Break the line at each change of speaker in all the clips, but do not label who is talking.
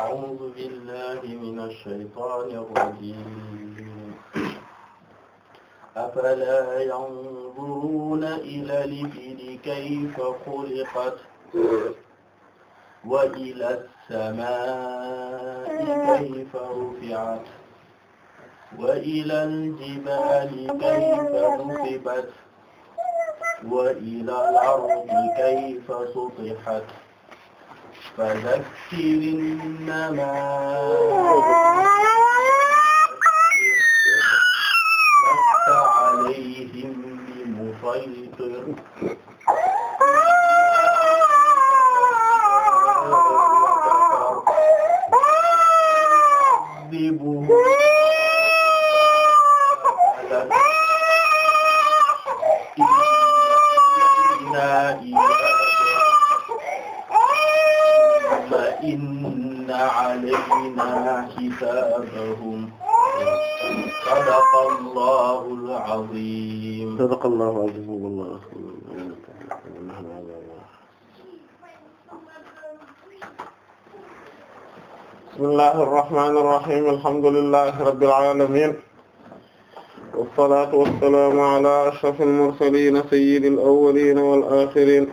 أعوذ بالله من الشيطان الرجيم أفلا ينظرون إلى الإبل كيف خلقت وإلى السماء كيف رفعت وإلى الجبال كيف نصبت وإلى الأرض كيف سطحت فذكر إنما لست عليهم بمسيطر inna alayna hisaabahum sadaqallahul aziim sadaqallahul aziim bismillahir rahmanir rahim alhamdulillahi rabbil alamin was-salaatu was-salaamu ala ashrafil mursaliin sayyidil awwaliin wal aaxiriin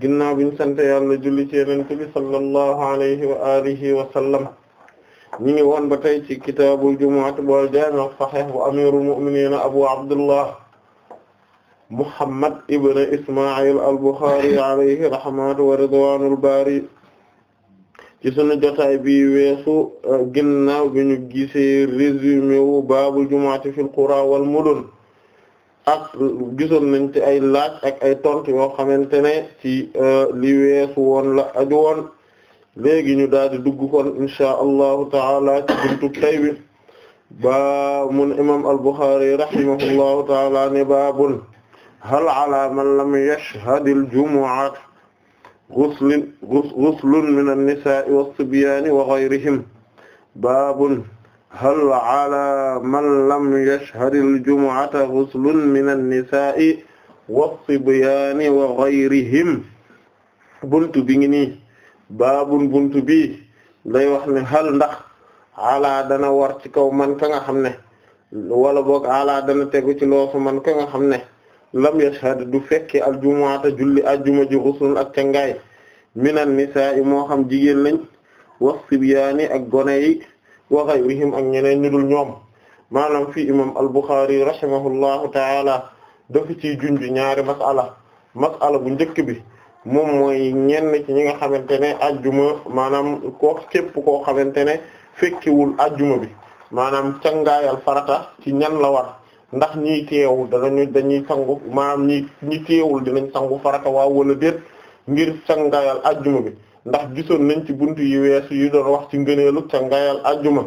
ginnaaw biñ sant yàlla julli ci yonent bi sallallahu alayhi wa alihi wa sallam ñi ba tey ci kitaabul jumu'ah wal jaami' as-sahih wa amirul mu'minin abu abdullah muhammad ibn isma'il al-bukhari alayhi rahmatu wa ridwanul bari ci sunu jotaay bi weesu ginnaaw bi ñu gisee résumé wu baabul jumu'ah fil qura wal mudun ak gisoon nañ ci ay laaj ak ay tontu yoo xamante ne ci euh, li woon la aju woon léegi ñu daal di dugg kon inshaa allahu taala ci buntu tay bi ba mun imam al-Bukhari rahimahullahu taala ne baabun hal ala man lam yashhadil jumu'at ghuslun min an-nisa'i was wa ghayrihim baabun hal ala man lam yashhad al-jumu'ata ghuslun min an-nisaa'i was-sibyaani wa ghayrihim bunt bi ngi nii baabun bunt bi lay wax ne hal ndax ala dana war ci kaw man ka nga xam ne wala boog ala dana tegu ci loosu man ka nga xam ne lam yashhad du fekke al-jumu'ata julli ajjuma ji ghuslun ak cangaay min an-nisaa'i moo xam jigéen lañ was-sibyaani ak gone yi wa ghayrihim ak ñeneen ñu dul ñoom maanaam fii imam al-Bukhari rahimahullahu taala dafa ciy junj ñaari mas'ala mas'ala bu njëkk bi moom mooy ñenn ci ñi nga xamante ne ajjuma maanaam koo képp koo xamante ne fekkiwul ajjuma bi maanaam cangaayal farata ci ñan la war ndax ñiy teew danañu dañuy tangu maanaam ñi ñi teewul dinañ sangu farata waaw wala déet ngir cangaayal ajjuma bi ndax gisoon nañ ci bunt yi weesu yi doon wax ci ngëneelu ca ngayal ajjuma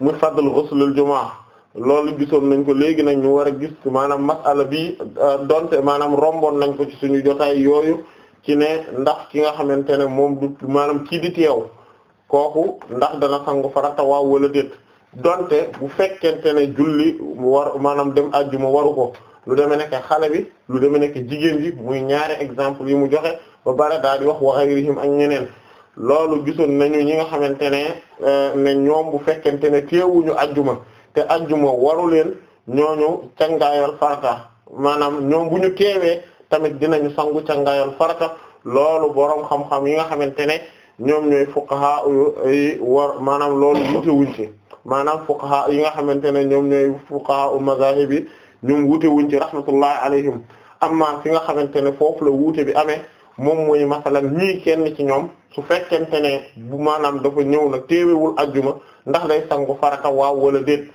mu fadl ghuslul jumaa loolu gisoon nañ ko léegi nañ ñu war a gis maanaam masala bi euh, donte maanaam romboon nañ ko ci suñu jotaay yooyu ci ne ndax ki nga xamante ne moom du maanaam kii di teew kooku ndax dana sangu farata waaw wala déet donte bu fekkente ne julli war maanaam dem ajjuma waru ko lu demee nekk xale bi lu demee nekk jigéen ji muy ñaari exemple yi mu joxe ba pare daal di wax wa ghayrihim ak ñeneen loolu gisoon nañu ñi nga xamante ne eh, ne ñoom bu fekkente ne teewuñu ajjuma te ajjuma waru leen ñooñu cangaayal farata maanaam ñoom bu ñu teewee tamit dinañu sangu cangaayal farata loolu boroom xam-xam yi nga xamante ne ñoom ñooy fuqaha maanaam loolu wute wuñ ci maanaam fuqaha yi nga xamante ne ñoom ñooy fuqaha u mazahib yi ñoom wute wuñ ci rahmatullahi alayhim amma fi nga xamante ne foofu la wuute bi amee moom mooy masalan ñii kenn ci ñoom su fekkente ne bu maanaam dafa ñëw nag téewewul ajjuma ndax day sangu farata waaw wala déet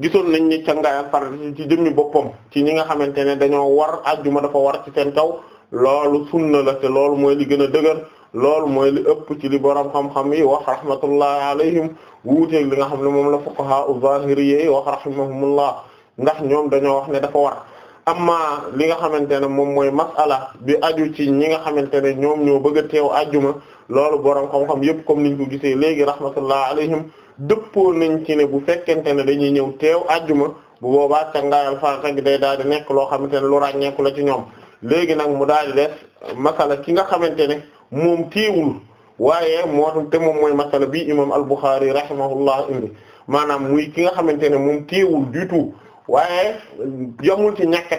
gisoon nañ ni cangaayal farata ci jëmmi boppam ci ñi nga xamante ne dañoo war ajjuma dafa war ci seen kaw loolu sunna la te loolu mooy li gën a dëgër loolu mooy li ëpp ci li borom xam-xam yi wax rahmatullahi alayhim wuuteeg li nga xam ne moom la fuqaha u zahiri yi wax rahimahumullah ndax ñoom dañoo wax ne dafa war amma li nga xamante ne moom mooy masala bi aju ci ñi nga xamante ne ñoom ñoo bëgg a teew ajjuma loolu borom xam-xam yëpp comme niñ ko gisee léegi rahmatullah alayhim dëppoo nañ ci ne bu fekkente ne dañuy ñëw teew ajjuma bu boobaa cangaayal farata gi day daal di nekk loo xamante ne lu ràññeeku la ci ñoom léegi nag mu daal di des masala ki nga xamante ne moom teewul waaye moo tam te moom mooy masala bi imam al-Bukhari rahimahullah indi maanaam muy ki nga xamante ne moom teewul du waaye yamul ci ñàkk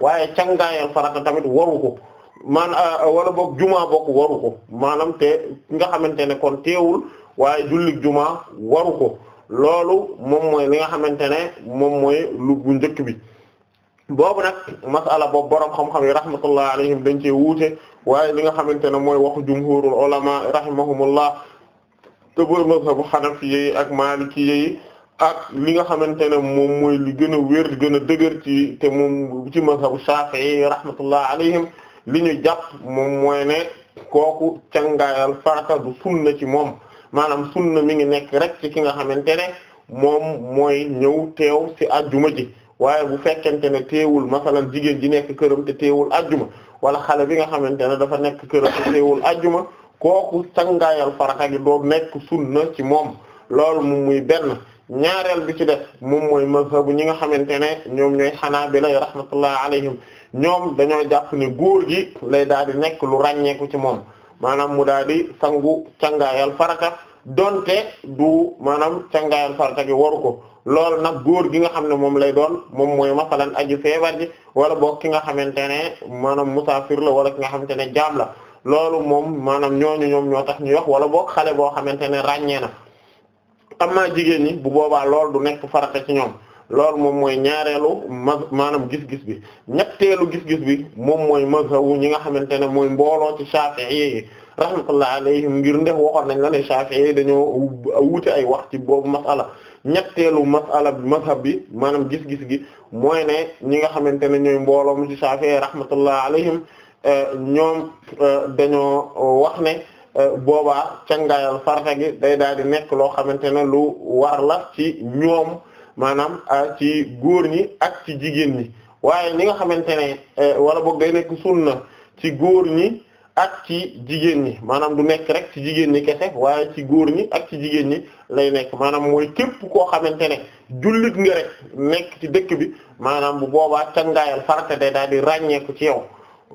waaye cangaayal farata tamit waru ko man euh, euh, wala boog juma bokk waru maanam te nga xamante ne kon teewul waaye jullig juma waru ko loolu moom mooy li nga xamante ne moom mooy lu bu njëkk bi boobu nag masala boobu boroom xam-xam yi rahmatullah alayhim dañ cee wuute waaye li nga xamante ne mooy waxu jumhurul ulama rahimahumullah te bu mazhabu hanafi yi ak maliki yi ak li nga xamante ne moom mooy li gën a wér gën a dëgër ci te moom ci mazhabu Shafi'i rahmatullah alayhim li ñu jàpp moom mooy ne kooku cangaayal farata du sunna ci moom maanaam sunna mi ngi nekk rek ci ki nga xamante ne moom mooy ñëw teew ci ajjuma ji waaye bu fekkente ne teewul masalan jigéen ji nekk këram te teewul ajjuma wala xale bi nga xamante ne dafa nekk këram te teewul ajjuma kooku cangaayal farata gi doo nekk sunna ci moom loolu moom muy benn ñaareel bi ci def moom mooy mazhabu ñi nga xamante ne ñoom ñooy xanaabila rahmatullah alayhim ñoom dañoo jàpp ne góor gi lay daal di nekk lu ràññeeku ci moom maanaam mu daal di sangu cangaayal farata doonte du maanaam cangaayal farata gi waru ko loolu nag góor gi nga xam ne moom lay doon moom mooy masalan aji feebar ji wala boog ki nga xamante ne maanaam musaafir la wala ki nga xamante ne jaam la loolu moom maanaam ñooñu ñoom ñoo tax ñu wax wala boog xale boo xamante ne ràññee na amma jigéen ñi bu boobaa lool du nekk farata ci ñoom loolu moom mooy ñaareelu ma maanaam gis-gis bi ñetteelu gis-gis bi moom mooy mazhabu ñi nga xamante ne mooy mbooloo ci Shafi'i yi rahmatullah ngir ndex waxoon nañ la ne Shafi'i dañoo wuute ay wax ci boobu masala ñetteelu masala bi mazhab bi maanaam gis-gis gi mooy ñi nga xamante ne ñooy mbooloo mu ci Shafi'i rahmatullah alayhim eh, ñoom eh, dañoo wax ne Euh, boobaa cangaayal farata gi day daal di nekk loo xamante ne lu war la ci ñoom maanaam euh, ci góor ñi ak ci jigéen ñi waaye ñi nga xamante ne euh, wala boog day nekk sunna ci góor ñi ak ci jigéen ñi maanaam du nekk rek ci jigéen ñi kese waaye ci góor ñi ak ci jigéen ñi lay nekk maanaam mooy képp koo xamante ne jullit nga rek nekk ci dëkk bi maanaam bu boobaa cangaayal farata day daal di ràññeeku ci yow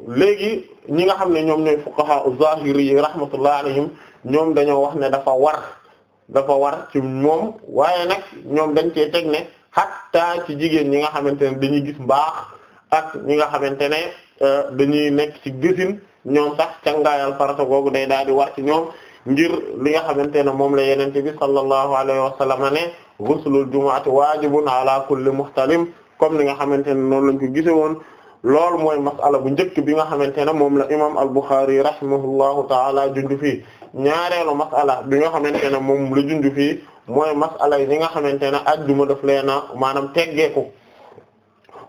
léegi ñi nga xam ne ñoom ñooy fuqaha az-zahiri yi rahmatullah alayhim ñoom dañoo wax ne dafa war dafa war ci moom waaye nag ñoom dañ cee teg ne hatta ci jigéen ñi nga xamante ne dañuy gis mbaax ak ñi nga xamante ne euh, dañuy nekk ci gisin ñoom sax cangaayal farata googu day daal di war ci ñoom ngir li nga xamante ne moom la yenente bi sallallahu alayhi wa sallam ne ghuslul jumu'ati wajibun ala kulli muhtalim comme li nga xamante ne noonu lañ ko gise woon loolu mooy masala bu njëkk bi nga xamante ne moom la imam al-Bukhari rahimahullahu taala jundu fii ñaareelu masala bi nga xamante ne moom la jundu fii mooy masala yi ñi nga xamante ne ajjuma daf leen a maanaam teggeeku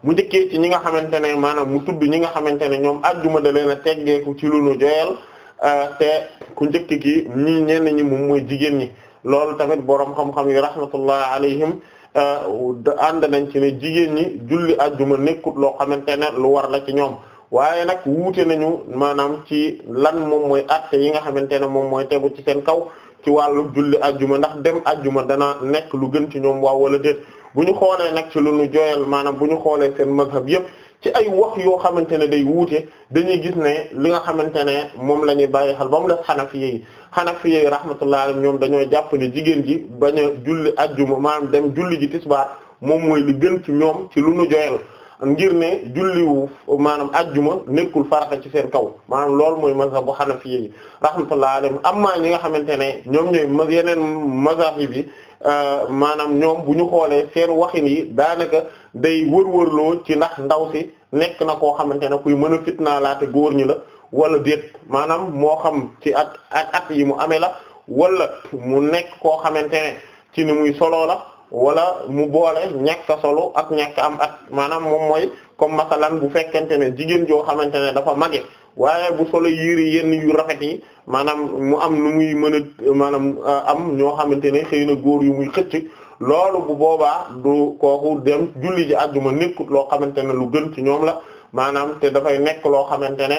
mu njëkkee ci ñi nga xamante ne maanaam mu tudd ñi nga xamante ne ñoom ajjuma da leen a teggeeku ci lu nu joyal euh, te ku njëkk gi ñii ñenn ñi moom mooy jigéen ñi loolu tamit boroom xam-xam yi rahmatullah alayhim Euh, ànd nañ ci ne jigéen ñi julli ajjuma nekkut loo xamante ne lu war la ci ñoom waaye nag wuute nañu maanaam ci lan moom mooy acte yi nga xamante ne moom mooy tegu ci seen kaw ci wàllu julli ajjuma ndax dem ajjuma dana nekk lu gën ci ñoom waaw wala déet bu ñu xoolee nag ci lu ñu jooyal maanaam bu ñu xoolee seen mazhab yépp ci ay wax yoo xamante ne day wuute dañuy gis ne li nga xamante ne moom la ñuy bàyyi xel ba mu def Hanafi yi xana Hanafi yi rahmatullahi alayhim ñoom dañoo jàpp jigéen ji bañ julli ajjuma maanaam dem julli ji tisbaar moom mooy li ci ñoom ci lu nu joyal ngir ne julliwu maanaam ajjuma nekkul farata ci seen kaw maanaam loolu mooy mazhabu Hanafi yi rahmatullahi alayhim amma ñi nga xamante ne ñoom ñooy yeneen mazahib yi euh, maanaam ñoom bu ñu xoolee seen waxin yi daanaka day wër-wërloo ci ndax ndaw si nekk na koo xamante ne kuy mën a fitnaalaate góor ñi la wala déet maanaam moo xam ci at ak at yi mu amee la wala mu nekk koo xamante ne ci ni muy solo la wala mu boole ñàkk a solo ak ñàkk am at maanaam moom mooy comme masalan bu fekkente ne jigéen joo xamante ne dafa mage waaye bu solo yére yenn yu rafet yi maanaam mu am nu muy mën a maanaam uh, am ñoo xamante ne xëy na góor yu muy xëcc loolu bu boobaa du kooku dem julli ji àjjuma nekkut loo xamante ne lu gën ci ñoom la maanaam te dafay nekk loo xamante ne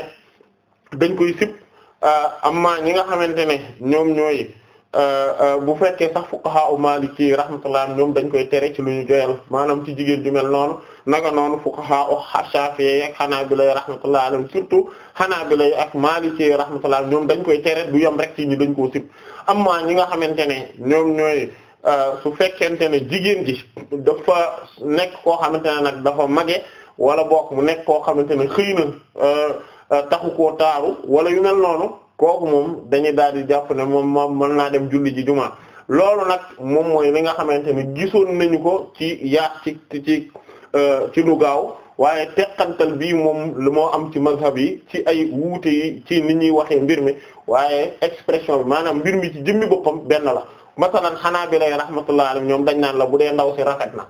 dañ koy sib euh, amma ñi nga xamante ne ñoom ñooy euh, euh, bu fekkee sax fuqaha u maliki rahmatullah ñoom dañ koy tere ci lu ñu maanaam ci jigéen ju mel noonu naka noonu u shafi'i ak hanabila rahmatullah alayhim surtout hanabila ak maliki rahmatullah ñoom dañ koy tere du yam rek ci ñi dañ koo sib amma ñi nga xamante ne ñoom ñooy su fekkente ne jigéen ji dafa nekk koo xamante ne nag dafa mage wala bokk mu nekk koo xamante ne xëy Euh, taxu koo taaru wala yu mel noonu kooku moom dañuy daal di jàpp ne moom moom mën naa dem julli ji jumaa loolu nag moom mooy li nga xamante ni gisoon nañu ko ci yaaq ci ci euh, ci lu gaaw waaye teqantal bii moom lu moo am ci mazhab yi ci ay wuute yi ci nit ñuy waxee mbir mi waaye expression bi maanaam mbir mi ci jëmmi boppam benn la masalan xanaa bi lay rahmatullah alayhi ñoom dañ naan la bu dee ndaw si rafet na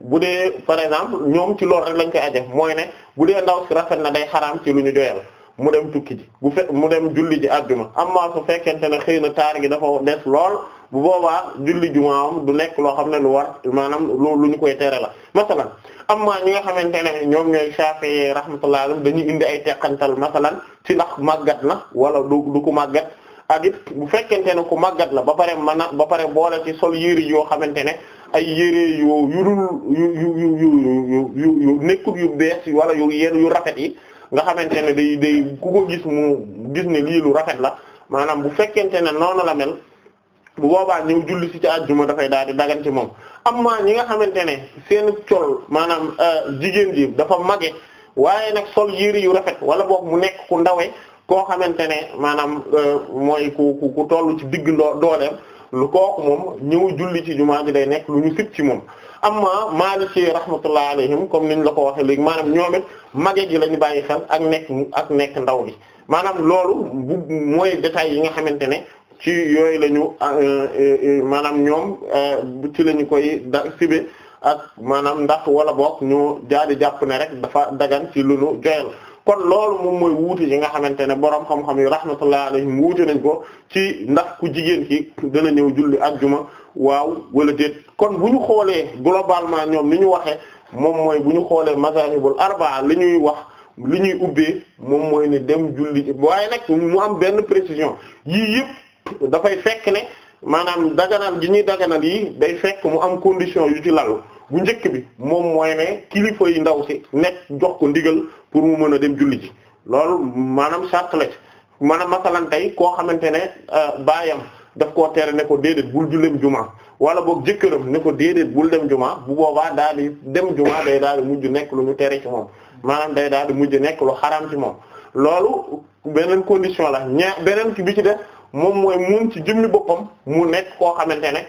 bu dee par exemple ñoom ci loolu rek lañ koy aje mooy ne bu dee ndaw si rafet na day xaraam ci lu ñu doyal mu dem tukki ji bu fe mu dem julli ji àjjuma amma su fekkente ne xëy na taar gi dafa des lool bu boobaa julli jumaam du nekk loo xam ne lu war maanaam loolu lu ñu koy tere la masalan amma ñi nga xamante ne ñoom ñooy Shafi'i rahmatullah alayhi dañuy indi ay teqantal masalan ci ndax màggat na wala du du ko màggat ak bu fekkente ne ku màggat la ba pare a ba pare boole ci sol yéri yoo xamante ne ay yére yu yu yu yu yu yu yu nekkul yu bees wala yu yenn yu rafet yi nga xamante ne day day ku ko gis mu gis ne lii lu rafet la maanaam bu fekkente ne noonu la mel bu boobaa ñëw julli si ci àjjuma dafay daal di dagan ci moom amma ñi nga xamante ne seen col maanaam euh, jigéen ji dafa mage waaye nag sol yére yu rafet wala boog mu nekk ku ndawee koo xamante ne maanaam euh, mooy ku ku ku tollu ci digg dooleel lu kooku moom ñëw julli ci jumaa ji day nekk lu ñu sib ci moom amma Maliki rahmatullah alayhim comme niñ la ko waxee léegi maanaam ñoom it mage ji lañu bàyyi xel ak nekk ak nekk ndaw li maanaam loolu mooy détails yi nga xamante ne ci yooyu la ñu euh, euh, euh, maanaam ñoom ci lañu koy da sibe ak maanaam ndax wala boog ñu jaadi jàpp ne rek dafa dagan ci lu nu joyal kon loolu moom mooy wuute yi nga xamante ne borom xam-xam yi rahmatullahi alayhim wuute nañ ko ci ndax ku jigéen ki dana ñëw julli ajjuma waaw wala déet kon bu ñu xoolee globalement ñoom li ñu waxee moom mooy bu ñu xoolee mazahibul arbaa li ñuy wax li ñuy ubbee moom mooy ne dem julli waaye nag mu am benn précision yii yëpp dafay fekk ne maanaam daganal gi ñuy daganal yi day fekk mu am condition yu ci lalu bu njëkk bi moom mooy ne kilifa yi ndaw si nekk jox ko ndigal pour mu mën a dem julli ji loolu maanaam sart la maanaam masalan tey koo xamante ne euh, baayam daf koo tere ne ko déedéet bul jullem jumaa wala boog jëkkëram ne ko déedéet bul dem jumaa bu boobaa daal di dem juma day daal di mujj nekk lu ñu tere ci moom maanaam day daal di mujj nekk lu xaraam ci moom loolu beneen condition la ñaa beneen ki bi ci def moom mooy moom ci jëmmi boppam mu nekk koo xamante ne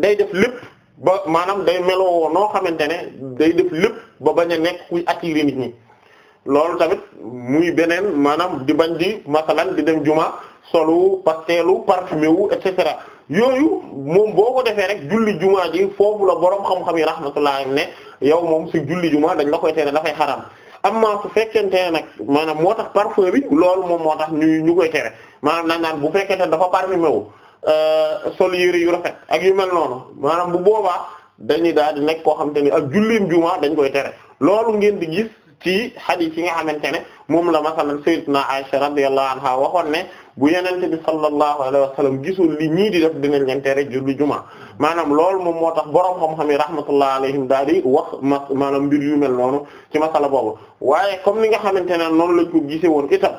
day def lépp ba maanaam day meloo noo xamante ne day def lépp ba bañ a nekk kuy attirer nit ñi loolu tamit muy beneen maanaam di bañ di masalan di dem juma solu pasteelu parfumé wu et cetera yooyu moom boo ko defee rek julli juma ji foofu la borom xam-xam yi rahmatullah ne yow moom si julli juma dañ la koy tere dafay xaram amma su fekkente ne nag maanaam moo tax parfum bi loolu moom moo tax ñu ñu koy tere maanaam naan naan bu fekkee fekkente dafa parfumé wu Euh, sol yëre yu rafet ak yu mel noonu maanaam bu booba dañuy daal di nekk koo xamante ni ak jullim juma dañ koy tere loolu ngeen di gis ci hadith yi nga xamante ne moom la masalan sayyidina Aisha radiyallahu anha waxoon ne bu yenente bi sallallahu alayhi wa sallam gisul li ñii di def dinañ leen tere julli juma maanaam loolu moom moo tax boroom xam-xam yi rahmatullah alayhim daal di wax ma maanaam mbir yu mel noonu ci masala boobu waaye comme ni nga xamante ne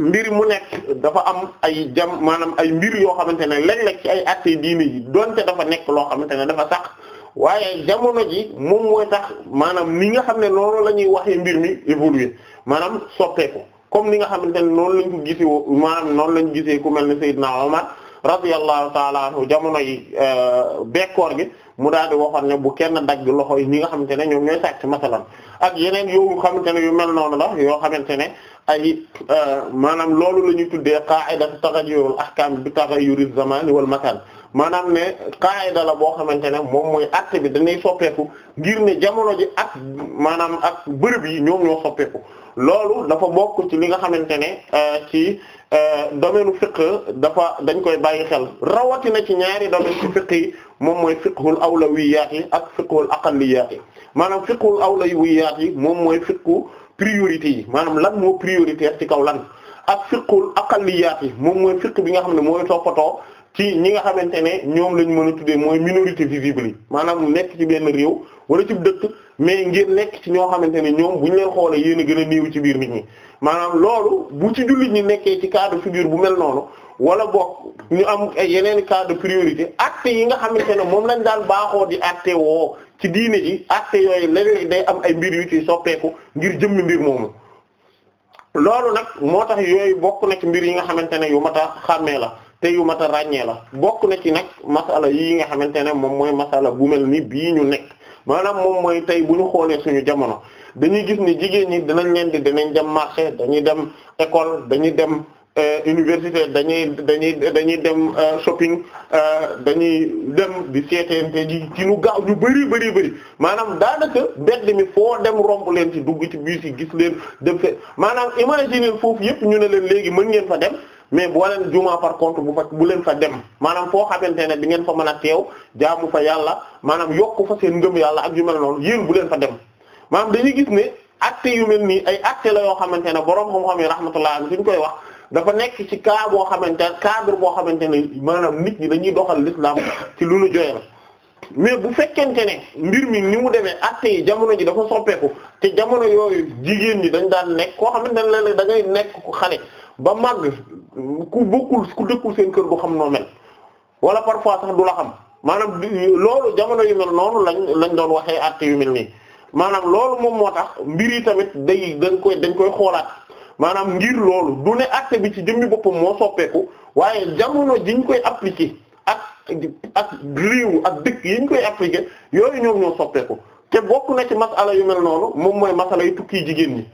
mbir mu nekk dafa am ay jam maanaam ay mbir yoo xamante ne léeg-léeg ci ay actes diine yi donte dafa nekk loo xamante ne dafa sax waaye jamono ji moom mooy tax maanaam ni nga xam ne noonu la ñuy waxee mbir mi évoluer maanaam soppeeku comme ni nga xamante ne noonu lañ ko gisee maanaam noonu lañ gisee ku mel ne Seydina Omar radiyallahu taala anhu jamono yi euh, bekkoor gi mu daal di waxoon ne bu kenn dagg loxo yi ñi nga xamante ne ñoom ñooy sàcc masalan ak yeneen yoo xamante ne yu mel noonu la yoo xamante ne ay euh, maanaam loolu la ñuy tuddee qa'idatu taghayyurul ahkam bi taghayyuriz zaman wal makan maanaam ne qaayida la boo xamante ne moom mooy acte bi dañuy soppeeku ngir ne jamono ji ak maanaam ak bërëb yi ñoom ñoo soppeeku loolu dafa bokk ci li nga xamante ne euh, ci Euh, domaine fiqh dafa dañ koy bàyyi xel rawatina ci ñaari domaine ci fiqh yi moom mooy fiqhul awlawiyaat yi ak fiqhul aqalliyaat yi maanaam fiqhul awlawiyaat yi moom mooy fiqhu priorité yi maanaam lan moo prioritaire ci kaw lan ak fiqhul aqalliyaat yi moom mooy fiqh bi nga xam ne mooy toppatoo ci ñi nga xamante ne ñoom lañ mën a tuddee mooy minorité visible yi maanaam nekk ci benn réew wala ci dëkk mais ngir nekk ci ñoo xamante ne ñoom bu ñu leen xoolee yéen a gën a néew ci biir nit ñi maanaam loolu bu ci jullit ñi nekkee ci cas de figure bu mel noonu wala boog ñu am yeneen cas de priorité acte yi nga xamante ne moom lañ daan baaxoo di acte ci diine ji acte yooyu léeg day am ay mbir yu ci soppeeku ngir jëmmi mbir moomu loolu nag moo tax yooyu bokk na ci mbir yi nga xamante ne yu mat a xàmmee la te yu mat a ràññee la bokk na ci nag masala yi nga xamante ne moom mooy masala bu mel ni bii ñu nekk maanaam moom mooy tey bu ñu xoolee suñu jamono dañuy gis ni jigéen ñi dinañ leen di dinañ dem marché dañuy dem école dañuy dem euh, université dañuy dañuy dañuy dem euh, shopping euh, dañuy dem di seeteente ji ci lu gaaw ñu bari bari bari maanaam daanaka bedd mi foo dem romb leen ci dugg ci bus ci gis leen dem fe maanaam imaginer foofu yëpp ñu ne leen léegi mën ngeen fa dem mais boo leen juma par contre bu fa bu leen fa dem maanaam foo xamante ne di ngeen fa mën a teew jaamu fa yàlla maanaam yokk fa seen ngëm yàlla ak yu mel noonu yéen bu leen fa dem maanaam dañuy gis ne acte yu mel nii ay acte la yoo xamante ne borom xam-xam yi rahmatullah suñ koy wax dafa nekk ci cas boo xamante cadre boo xamante ne maanaam nit ñi dañuy doxal l'islam ci lu nu joyal mais bu fekkente ne mbir mi ni mu demee acte yi jamono ji dafa soppeeku te jamono yooyu jigéen ñi dañ daan nekk koo xamante ne léeg-léeg da ngay nekk ku xale ba màgg ku bokkul ku dëkkul seen kër du xam noo mel wala parfois sax du la xam maanaam loolu jamono yu mel noonu lañ lañ doon waxee àtte yu mel nii maanaam loolu moom moo tax mbir yi tamit day dañ koy dañ koy xoolaat maanaam ngir loolu du ne àtte bi ci jëmmi boppam moo soppeeku waaye jamono jiñ koy appliquer ak ak réew ak dëkk yiñ koy appliquer yooyu ñoom ñoo soppeeku te bokk na ci masala yu mel noonu moom mooy masala yu tukki jigéen ñi.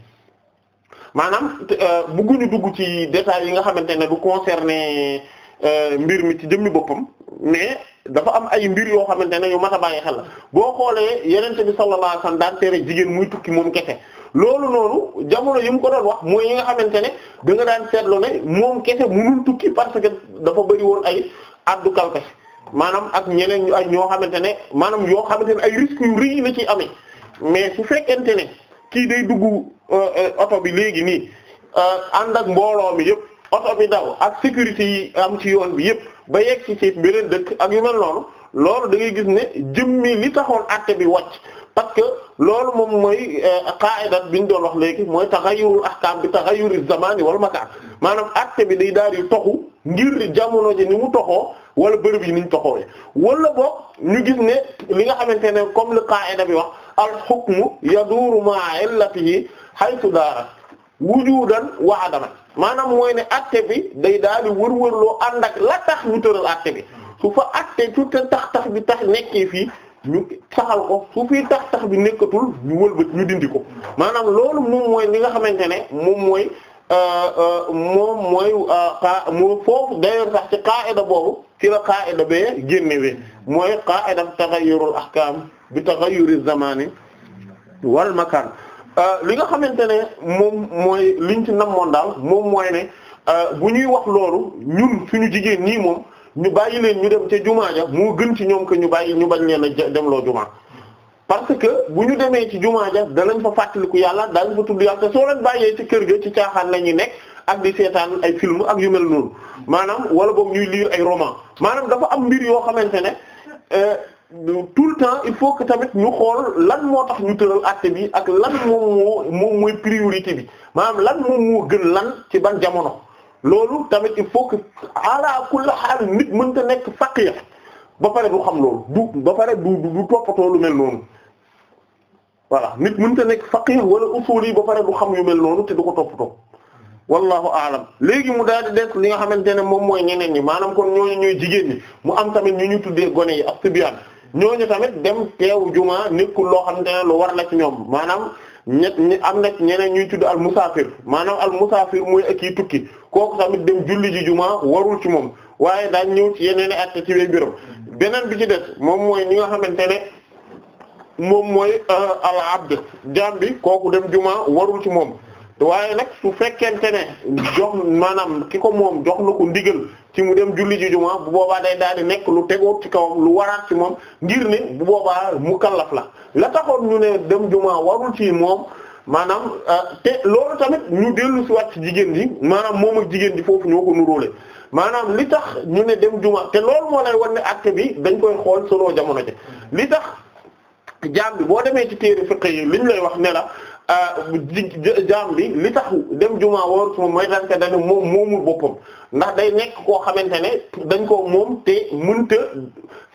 maanaam euh, bëgguñu dugg ci détails yi nga xamante ne du concerner euh, mbir mi ci jëmmi boppam mais dafa am ay mbir yoo xamante ne yu mat a bàyyi xel la boo xoolee yenente bi sallallahu alayhi wasallam daan tere muy tukki moom kese loolu noonu jamono yi mu ko doon mooy yi nga xamante ne da nga daan seetlu ne moom kese mënul tukki parce que dafa bëri woon ay addu kalpe maanaam ak ñeneen ñu ay ñoo xamante ne maanaam yoo xamante ne ay risques yu rëy la ci amee mais su fekkente ne kii day dugg euh, euh, oto bi léegi nii euh, ànd ak mbooloo mi yëpp oto bi daw ak sécurité yi am ci yoon bi yëpp ba yegg ci ci beneen dëkk ak yu mel noonu loolu da ngay gis ne jëmmi li taxoon àtte bi wàcc parce que loolu moom mooy qaida bi ñu doon wax léegi mooy taxayyurul ahkaam bi taxayyuri zamani wal makaan maanaam àtte bi day daal di toxu ngir jamono ji ni mu toxoo wala bërëb yi ni ñu toxoo wala boog ñu gis ne li nga xamante ne comme le qaida bi wax. alxukmu yaduuru maa illatihi haytu daara wujudan wa adaman maanaam mooy ne atte bi day daal di wërwërloo ànd ak la tax ñu tëral atte bi su fa atte su tax tax bi tax nekkee fi ñu saxal ko su fii tax tax bi nekkatul ñu wëlbët ñu dindi ko maanaam loolu moom mooy li nga xamante ne moom mooy Euh, euh, moom mooy euh, xa mu foofu d'ailleurs sax ci qaa'ida boobu ci la qaa'ida bee génnewee mooy qaa'ida taghayyurul ahkaam bi taghayyuri zamani wal makaan li nga xamante ne moom mooy liñ ci namoon daal moom mooy ne bu ñuy wax loolu ñun ñu jigéen ñii moom ñu bàyyi leen ñu dem ca jumaa ja moo gën ci ñoom que ñu bàyyi ñu bañ leen a demloo jumaa parce que bu ñu demee ci jumaa ja danañ fa fàttaliku yàlla daañ fa tudd yàlla te soo leen bàyyee ci kër ga ci caaxaan la ñuy nekk ak di seetaan ay film ak yu mel noonu maanaam wala boog ñuy liir ay roman maanaam dafa am mbir yoo xamante ne euh, tout le temps il faut que tamit ñu xool lan moo tax ñu tëral acte bi ak lan moom moo moom mooy priorité bi maanaam lan moom moo gën lan ci ban jamono loolu tamit il faut que ala kulli xaal nit mënta nekk ba pare du xam loolu du ba pare du lu mel voilà nit mënta nekk faqih wala usuli ba pare du xam yu mel noonu te du ko toppatoo wallahu aalam léegi mu daal di des li nga xamante ne moom mooy ñeneen ñi maanaam kon ñooñu ñooy jigéen ñi mu am tamit ñu ñu tuddee gone yi ak sibiyaan ñooñu tamit dem teew juma nekkul loo xam ne lu war la ci ñoom maanaam ñett ñi am na ñeneen ñuy tudd al musaafir maanaam al musaafir mooy ak yi tukki kooku tamit dem julli ji juma warul ci moom waaye daal ñëw yeneen i at ci biir beneen bi ci des nga xamante ne. moom mooy euh, al abd jaam bi kooku dem jumaa warul ci moom waaye nag su fekkente ne jox maanaam ki ko moom jox na ko ndigal ci mu dem julli ji juma bu boobaa day daal di nekk lu tegoot ci kaw lu waraat ci moom ngir ne bu mu mukallaf la la taxoon ñu ne dem jumaa warul ci moom maanaam euh, te loolu tamit ñu dellu si wàcc jigéen ji maanaam moom ak jigéen ji foofu ñoo ko nuróole maanaam li tax ñu ne dem juma te loolu moo lay wan ne acte bi dañ koy xool solo jamono ji li jaam bi boo demee ci téere fiqh yi liñ lay wax ne la ah, jaam bi li tax dem jumaa woor moom mooy daan ka dane moom moomul boppam ndax day nekk koo xamante ne dañ koo moom te munta mënta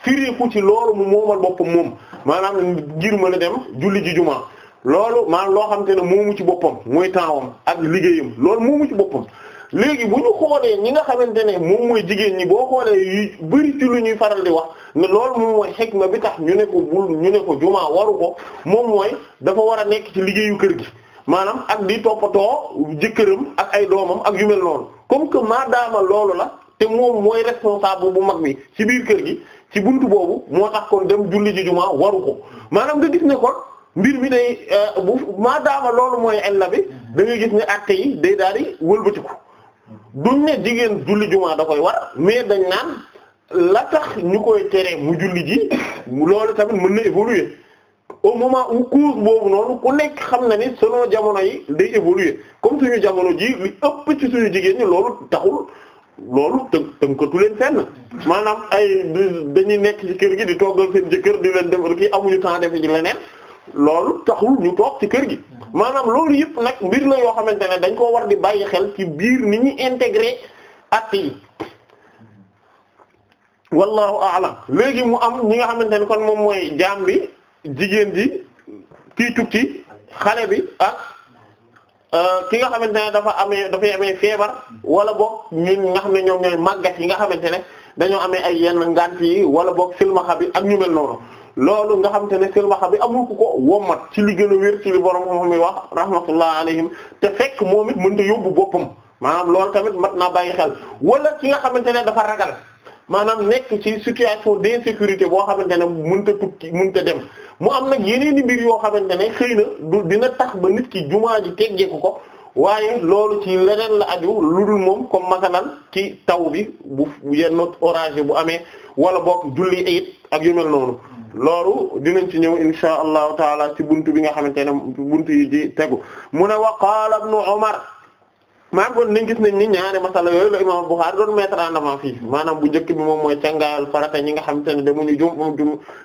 firiku ci loolu mu moomal boppam moom maanaam ngir mën a dem julli ji jumaa loolu maanaam loo xamante ne moomu ci boppam mooy temps am ak liggéeyam loolu moomu ci boppam léegi bu ñu xoolee ñi nga xamante ne moom mooy jigéen ñi boo xoolee yu bari ci lu ñuy faral di wax ne loolu moom mooy xikma bi tax ñu ne ko bul ñu ne ko jumaa waru ko moom mooy dafa war a nekk ci liggéeyu kër gi maanaam ak di toppatoo jëkkëram ak ay doomam ak yu mel noonu comme que maadaama loolu la te moom mooy responsable bu mag bi ci biir kër gi ci buntu boobu moo tax dem julli ji jumaa waru ko maanaam nga gis ne kon mbir mi day euh, bu maadaama loolu mooy illa bi da nga gis ne actes yi day daal di wëlbatiku. duñ ne jigéen julli jumaa da koy war mais dañ naan la tax ñu koy teree mu julli ji loolu tamit mën na évoluer au moment où cause boobu noonu ku nekk xam na ni selon jamono yi day évoluer comme suñu jamono ji li ëpp ci suñu jigéen ñi loolu taxul loolu të tënkatu leen fenn maanaam ay dañuy nekk ci kër gi di toggal seen jëkkër di leen defar kii amuñu temps def ci leneen loolu taxul ñu toog ci kër gi maanaam loolu yëpp nag mbir la yoo xamante ne dañ koo war di bàyyi xel ci biir ni ñuy intégré actes yi wallahu a'lam léegi mu am ñi nga xamante ne kon moom mooy jaam bi jigéen ji kii tukki xale bi ak euh, ki nga xamante ne dafa amee dafay amee feebar wala boog ñun nga xam ne ñoom ñooy màggat yi nga xamante ne dañoo ame ay yenn ngant yi wala boog silmaxa bi ak ñu mel noonu loolu nga xam te ne silmaxa bi amul ku ko wommat ci li gën a wér ci li borom xam-xam yi wax rahmatullah alayhim te fekk moom it mënta yóbbu boppam maanaam loolu tamit mat naa bàyyi xel wala ci nga xamante ne dafa ragal maanaam nekk ci situation sécurité boo xamante ne mënta tukki mënta dem mu am nag yeneen i mbir yoo xamante ne xëy na du dina tax ba nit ki jumaa ji teggeeku ko waaye loolu ci leneen la aju lu dul moom comme masalan ci taw bi bu yenn orage bu amee wala boog julli it ak yu mel noonu loolu dinañ ci ñëw insha allahu taala ci buntu bi nga xamante ne buntu yi ci tegu mu ne wa qaala ibnu Umar maa ngi nañ ni ñaari masala yooyu la imam Bukhari doon mettre bu njëkk bi moom mooy cangaayal farata ñi nga xamante ne demuñu jum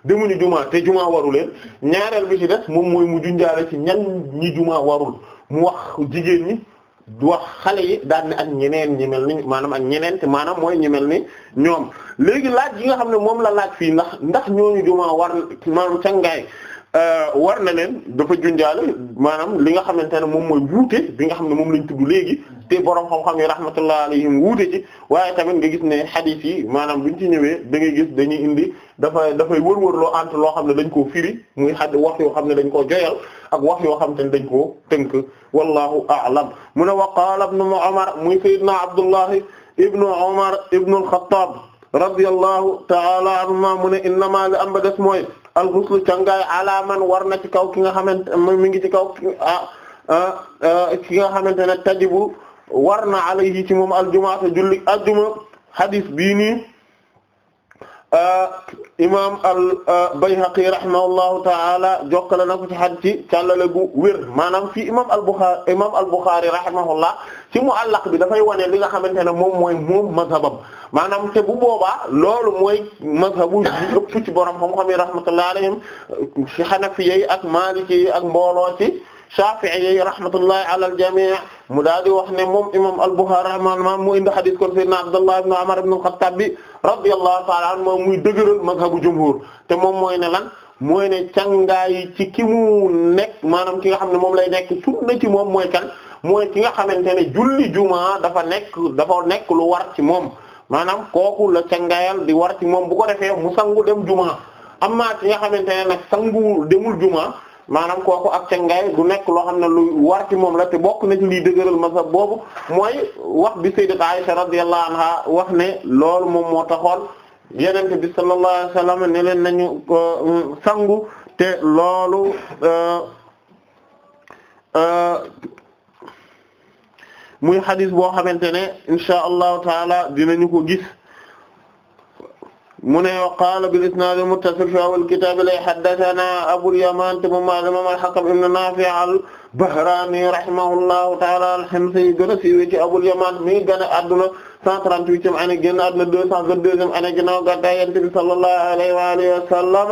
demuñu juma te juma waru leen ñaareel bi ci des moom mooy mu junjaale ci ñan ñi juma warul mu wax jigéen ñi wax xale yi daan ne ak ñeneen ñi ni maanaam ak ñeneen te maanaam mooy ñi mel ni ñoom léegi laaj yi nga xam ne moom la laaj fii ndax ndax ñooñu jumaa war maanaam cangaay euh, war na leen dafa junjaale maanaam li nga xamante ne moom mooy wuute bi nga xam ne moom lañ tudd léegi te borom xam-xam yi rahmatullah alayhim wuute ci waaye tamit nga gis ne hadith yi maanaam buñ ci ñëwee da ngay dañuy indi dafa dafay wër-wër loo entre loo xam ne dañ koo firi muy xad wax yoo xam ne dañ koo joyal ak wax yoo xam te ne dañ koo tënk wallahu a'lam mu ne wa qaala ibnu Umar muy sayyidna Abdullahi ibnu Umar ibnu al-Khattab radiyallahu ta'ala anhuma mu ne innama li am ba des mooy al-ghusl cangaay ala man war na ci kaw ki nga xamante mi ngi ci kaw ah, ah, ki nga xamante ne tajibu war na alayhi ci moom al-jumu'atu julli ajjuma hadis bii nii Euh, imaam al-Bayhaqi euh, rahimahullahu ta'ala jokkale na ko ci xaj ci càllale gu wér maanaam fii imaam al-Bukhari imaam al-Bukhari rahimahullah ci mu'allaq bi dafay wane li nga xamante ne moom mooy moom mazhabam maanaam te bu boobaa loolu mooy mazhabu yi ëpp ci borom xam-xam yi rahmatullahi alayhim ci Hanafiyyi ak Maliki ak mbooloo ci Shafi'i yi rahmatullahi ala al-jami' mu daal di wax ne moom imaam al-Bukhari rahimahullah moo indi hadith kon sayyidina Abdullah ibn Umar ibn al-Khattab bi radiyallahu ta'ala anhu moom muy dëgëral mazhabu jumhur te moom mooy ne lan mooy ne càngaay ci kii mu nekk maanaam ci nga xam ne moom lay nekk na ci moom mooy kan mooy ki nga xamante ne julli juma dafa nekk dafa nekk lu war ci moom maanaam kooku la càngaayal di war ci moom bu ko defee mu sangu dem juma amma ki nga xamante ne nag sangu demul juma maanaam kooku ak cangaay du nekk loo xam ne luy war ci moom la te bokk na ci liy dëgëral mazhab boobu mooy wax bi sayyidat Aisha radiyallahu anha wax ne loolu moom moo taxoon yenente bi sallallahu alayhi wasallam ne leen nañu euh, sangu te loolu euh, euh, muy xadis boo xamante ne insha allahu taala dinañu ko gis mu ne wa qaala bil isnaad al-muttasil fi awwal kitaab li haddathanaa Abul Yamaan te moom maanaam al-Hakam ibn Naafi' al-Bahraani rahimahullahu ta'aala al-Himsi gën a siiwee ci Abul Yamaan mi ngi gën a adduna 138e année génn adduna 222e année ginnaaw gàddaay Yonent bi sallallahu alayhi wa alihi wa sallam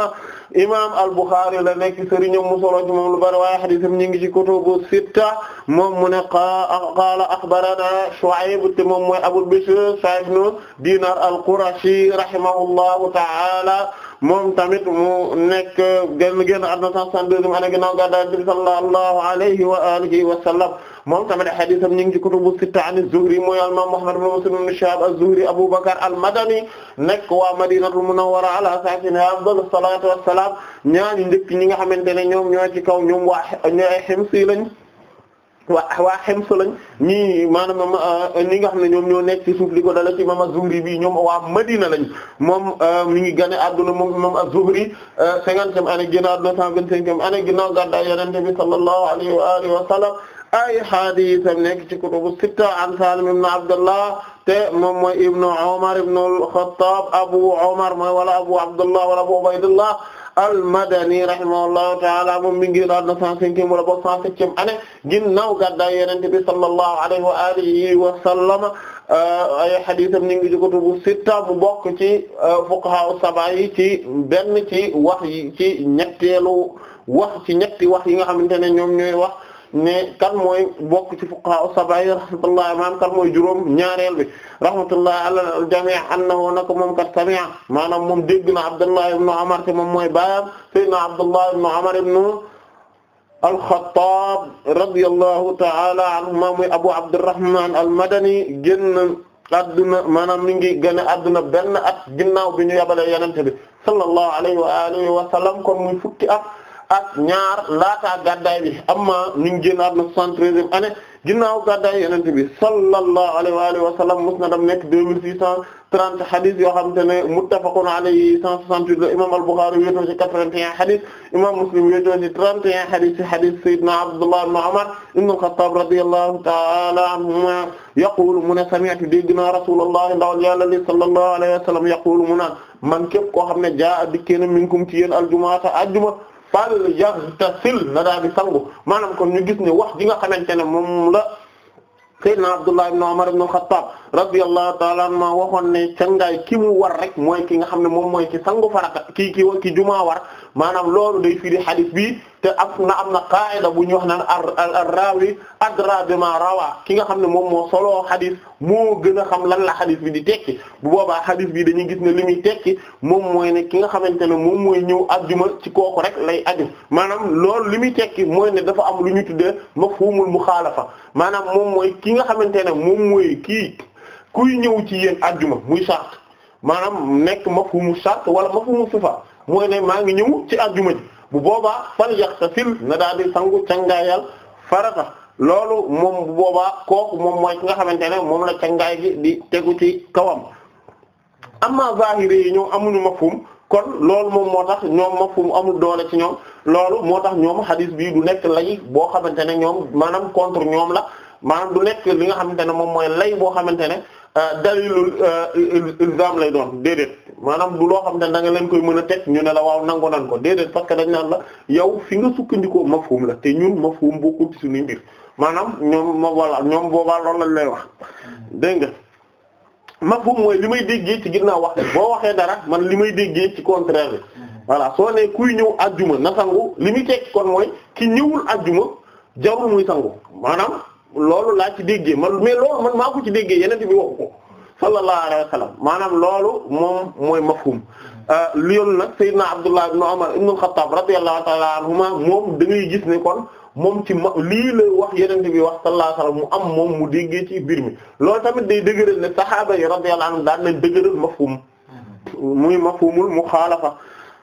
imam al-Bukhari la nekk sëriñam mu solo ci moom lu bari waaye hadiisam ñu ngi ci kutubu sitta moom mu ne qaala akhbarana Shu'ayb te moom mooy Abu Bishr Shu'ayb ibn Dinar al-Qurashi rahimahullahu ta'ala moom tamit mu nekk génn gen àdduna 162 ane ginnaaw gàddaay bi sallallahu alayhi wa alihi wa moom tamit hadiisam ñu ngi ci kutubu sitta an az-Zuhri mooy al-imaam Muhammad ibn Muslim ibn Shihaab zuhri Abu al-Madani nekk waa Madinatul Munawwara ala saakinihaa afdalu salaatu wa salaam ñaari njëkk ñi nga xamante ne ñoom ñoo ci kaw ñoom waa ñooy ay Himsi lañ waa waa Hims lañ ñii maanaam ah, ñi nga xam ne ñoom ñoo nekk ci suuf li ko dala ci imam az-Zuhri bi ñoom waa Madina lañ moom ah, mi ngi gane adduna moom imam az-Zuhri ah, cinquantième année ginnaaw deux cent vingt-cinquième année ginnaaw gàddaay Yonent bi sallallahu alayhi ay hadisam nekk ci kutubu sitta an Salim ibn Abdullah te moom mooy ibnu Umar ibnu al-Khattab Abu Umar mooy wala Abu Abdullah wala Abu Ubaydullah al-Madani rahimahullahu ta'ala moom mi ngi raad na cent cinquième wala boog cent septième année ginnaaw gàddaay Yonent bi sallallahu alayhi wa alihi wa sallam euh, ay hadiisam ñu ngi ci kutubu sitta mu bokk ci euh, fuqaha sab'a yi ci benn ci wax yi ci ñetteelu wax ci ñetti wax yi nga xamante ne ñoom ñooy wax ne kan mooy bokk ci fuqaha sab'a yi rahmatullah maanaam kan mooy juróom ñaareel bi rahmatullah ala al-jami' annahu naka moom kat sami'a maanaam moom dégg na Abdullah ibn Umar te moom mooy baayam sayyidina Abdullah ibn Umar ibn al-Khattab radiyallahu ta'ala anhuma mooy Abu Abdurrahman al-Madani génn adduna maanaam mi ngi gën a adduna benn at ginnaaw bi ñu yabalee yenente fukki at ak ñaar laataa gàddaay bi amma ñu ngi génnaat na soixante-treizième année ginnaaw gàddaay yenente bi sallallahu alayhi wa alihi wa sallam musnadam nekk deux mille six cent trente hadis yoo xamante ne muttafaqun alayhi cent soixante-huit la imam al-Bukhari wéetoo ci quatre-vingt-un hadis imam Muslim wéetoo ci trente et un hadis ci hadis sayyidina Abdullah ibn Umar ibn al-Khattab radiyallahu ta'ala anhuma yaqulu mu ne sami'tu dégg naa rasulullah ndawal yàlla li sallallahu alayhi wa sallam yaqulu mu naan man képp koo xam ne jaa a dikkee na minkum ci yéen al-jumu'ata ajjuma fal yaghtasil na daal di sangu maanaam kon ñu gis ne wax ji nga xamante ne moom la sayyidna Abdullah ibn Umar ibn Khattab radiyallahu ta'ala anhuma waxoon ne cangaay ki mu war rek mooy ki nga xam ne moom mooy ki sangu farata ki ki ki jumaa war maanaam loolu day firi hadith bi te af na am na qaida bu ñu wax naan ar rawi adra bima rawa ki nga xam ne moom moo soloo hadith moo gën a xam lan la hadith bi di tekki bu boobaa hadith bi dañuy gis ne li muy tekki moom mooy ne ki nga xamante ne moom mooy ñëw ajjuma ci kooku rek lay aju maanaam loolu li muy tekki mooy ne dafa am lu ñu tuddee mafhumul muxaalafa maanaam moom mooy ki nga xamante ne moom kii kuy ñëw ci yéen ajjuma muy sart maanaam nekk mafhumu sart wala mafhumu sifa mooy ne maa ngi ñëw ci ajjuma ji bu boobaa sa yaxtasil na daal di sangu cangaayal farata loolu moom bu boobaa kooku moom mooy ki nga xamante ne moom la cangaay gi di tegu ci kawam amma zahiri yi ñoom amuñu mafhum kon loolu moom moo tax ñoom mafhum amul doole ci ñoom loolu moo tax ñoom hadith bii du nekk lay boo xamante ne ñoom maanaam contre ñoom la maanaam du nekk li nga xamante ne moom mooy lay boo xamante ne euh, dalilul euh, ilzam lay doon déedéet maanaam du loo xamante ne da nga leen koy mën a teg ñu ne la waaw nangu nan ko déedéet parce que dañ naan la yow fi nga sukkandikoo mafhum la te ñun mafhum bokkul ci suñuy mbir maanaam ñoom ma voilà ñoom boobaa loolu lañ lay wax dégg nga mafhum mooy li may déggee ci ginnaaw wax boo waxee dara man li may déggee ci contraire bi voilà soo ne kuy ñëw ajjuma na sangu li muy teg kon mooy ki ñëwul ajjuma jarul muy sangu maanaam loolu laa ci déggee man mais loolu man maa ko ci déggee yeneen bi waxu ko sallallahu alayhi wa maanaam loolu moom mooy mafhum loolu euh, nag Seydina Abdullah ibn Umar ibn al-Khattab radiyallahu ta'ala moom da ngay gis ne kon moom ci ma lii la wax yeneen bi wax sallallahu mu am moom mu déggee ci biir mi loolu tamit day dëgëral ne saxaaba yi radiyallahu anhum daan nañ dëgëral mafhum muy mafhumul muxaalafa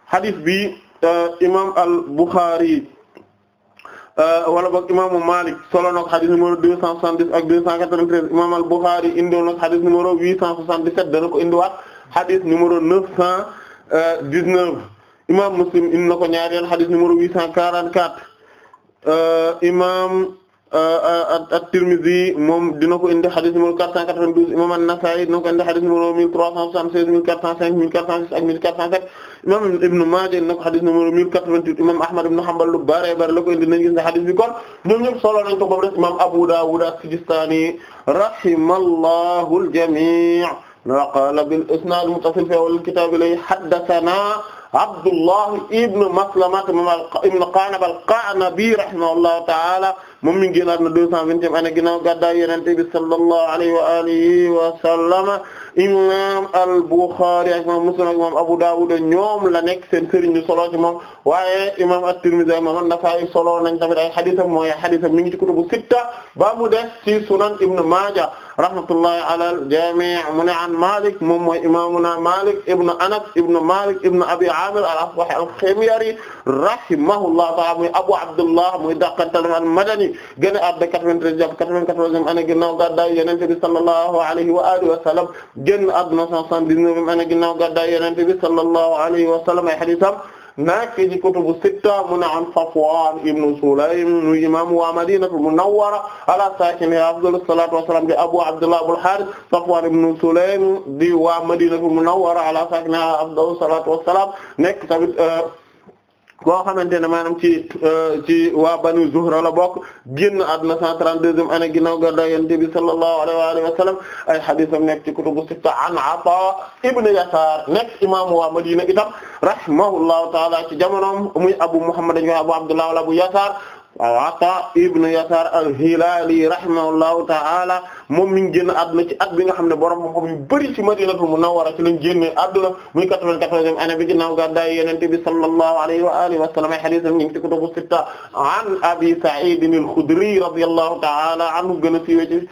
hadith bi euh, imam al-Bukhari Euh, wala boog imaamu Malik solo na ko xadis numéro deux cent soixante-dix ak deux cent quatre-vingt-treize imaam al-Bukhari indi na ko xadis numéro huit cent soixante-dix-sept dana ko indiwaat xadis numéro neuf cent euh, dix-neuf imaam Muslim indi na ko ñaareel xadis huit cent quarante-quatre euh, imaam Euh, euh, at-Tirmidhi moom dina ko indi hadith numéro 492 imam an-Nasa'i dina ko indi hadith numéro 1376 1405 1406 ak 1407 imam Ibn Majah dina ko hadith numéro 1088 imam Ahmad ibn Hanbal lu bare bare la ko indi nañu gis ne hadith bi kon ñoom ñëpp solo nañ ko boobu rek imam Abu Dawud as-Sijistani rahimallahu al-jami' wa qala bil isnad muttasil fi awwal al-kitab li haddathana Abdullah ibn Maslama ibn Qa'nab al-Qa'nabi rahimahullahu ta'ala moom mi ngi génnaat na deux cent vingtième année ginnaaw gàddaay Yonent bi sallallahu alayhi wa alihi wa sallama imam al-Bukhari ak imam Muslim ak imam Abu Dawud ñoom la nekk seen sëriñ ñu solo ci moom waaye imam at-Tirmidhi ak imam an-Nasa'i solo nañ tamit ay haditham mooy haditham mi ngi ci kutubu sitta ba mu def ci Sunan Ibn Majah rahmatullahi ala al-jami' mu ne an Malik moom mooy imamuna Malik ibn Anas ibn Malik ibn Abi Amir al-Asbahi al-Khimyari rahimahullahu ta'ala muy Abu Abdullah muy daqantal al-Madani gën a àdduna 93 jàpp 94 année ginnaaw gàddaay Yonent bi sallallahu alayhi wa alihi wa sallam génn àdduna 179 année ginnaaw gàddaay Yonent bi sallallahu alayhi wa sallam ay hadiisam nak ci kutubu sitta mu ne an Safwan ibn Sulaym mu imam wa Madinatul Munawwara ala sakiniha afdalu salatu wassalam di Abu Abdullah Abul Harith Safwan ibn Sulaym di wa Madinatul Munawwara ala sakiniha afdalu salatu wassalam nekk tamit euh, koo xamante ne maanaam ci euh, ci waa banu Zuhra la bokk génn àdduna 132e année ginnaaw gàddaay Yonent bi sallallahu alayhi wa alihi wa sallam ay hadiisam nekk ci kutubu sitta an Ataa ibn Yasaar nekk imaamu waa Madina itam rahimahullahu ta'ala ci jamonoom muy Abu Muhammad dañu koy Abu Abdullah wala Abu Yasaar waaw Ataa ibn al-Hilaali rahimahullahu ta'ala moom mi ngi génn àdduna ci at bi nga xam ne borom xam-xam yu bëri ci madinatul munawwara ci lañ génne àdduna muy 94e année bi ginnaaw gàddaay yonent bi sallallahu alayhi wa alihi wa sallam ay hadith ñu ngi ci kutubu sitta an abi sa'id al-khudri radiyallahu ta'ala anhu gën a siiwe ci uh,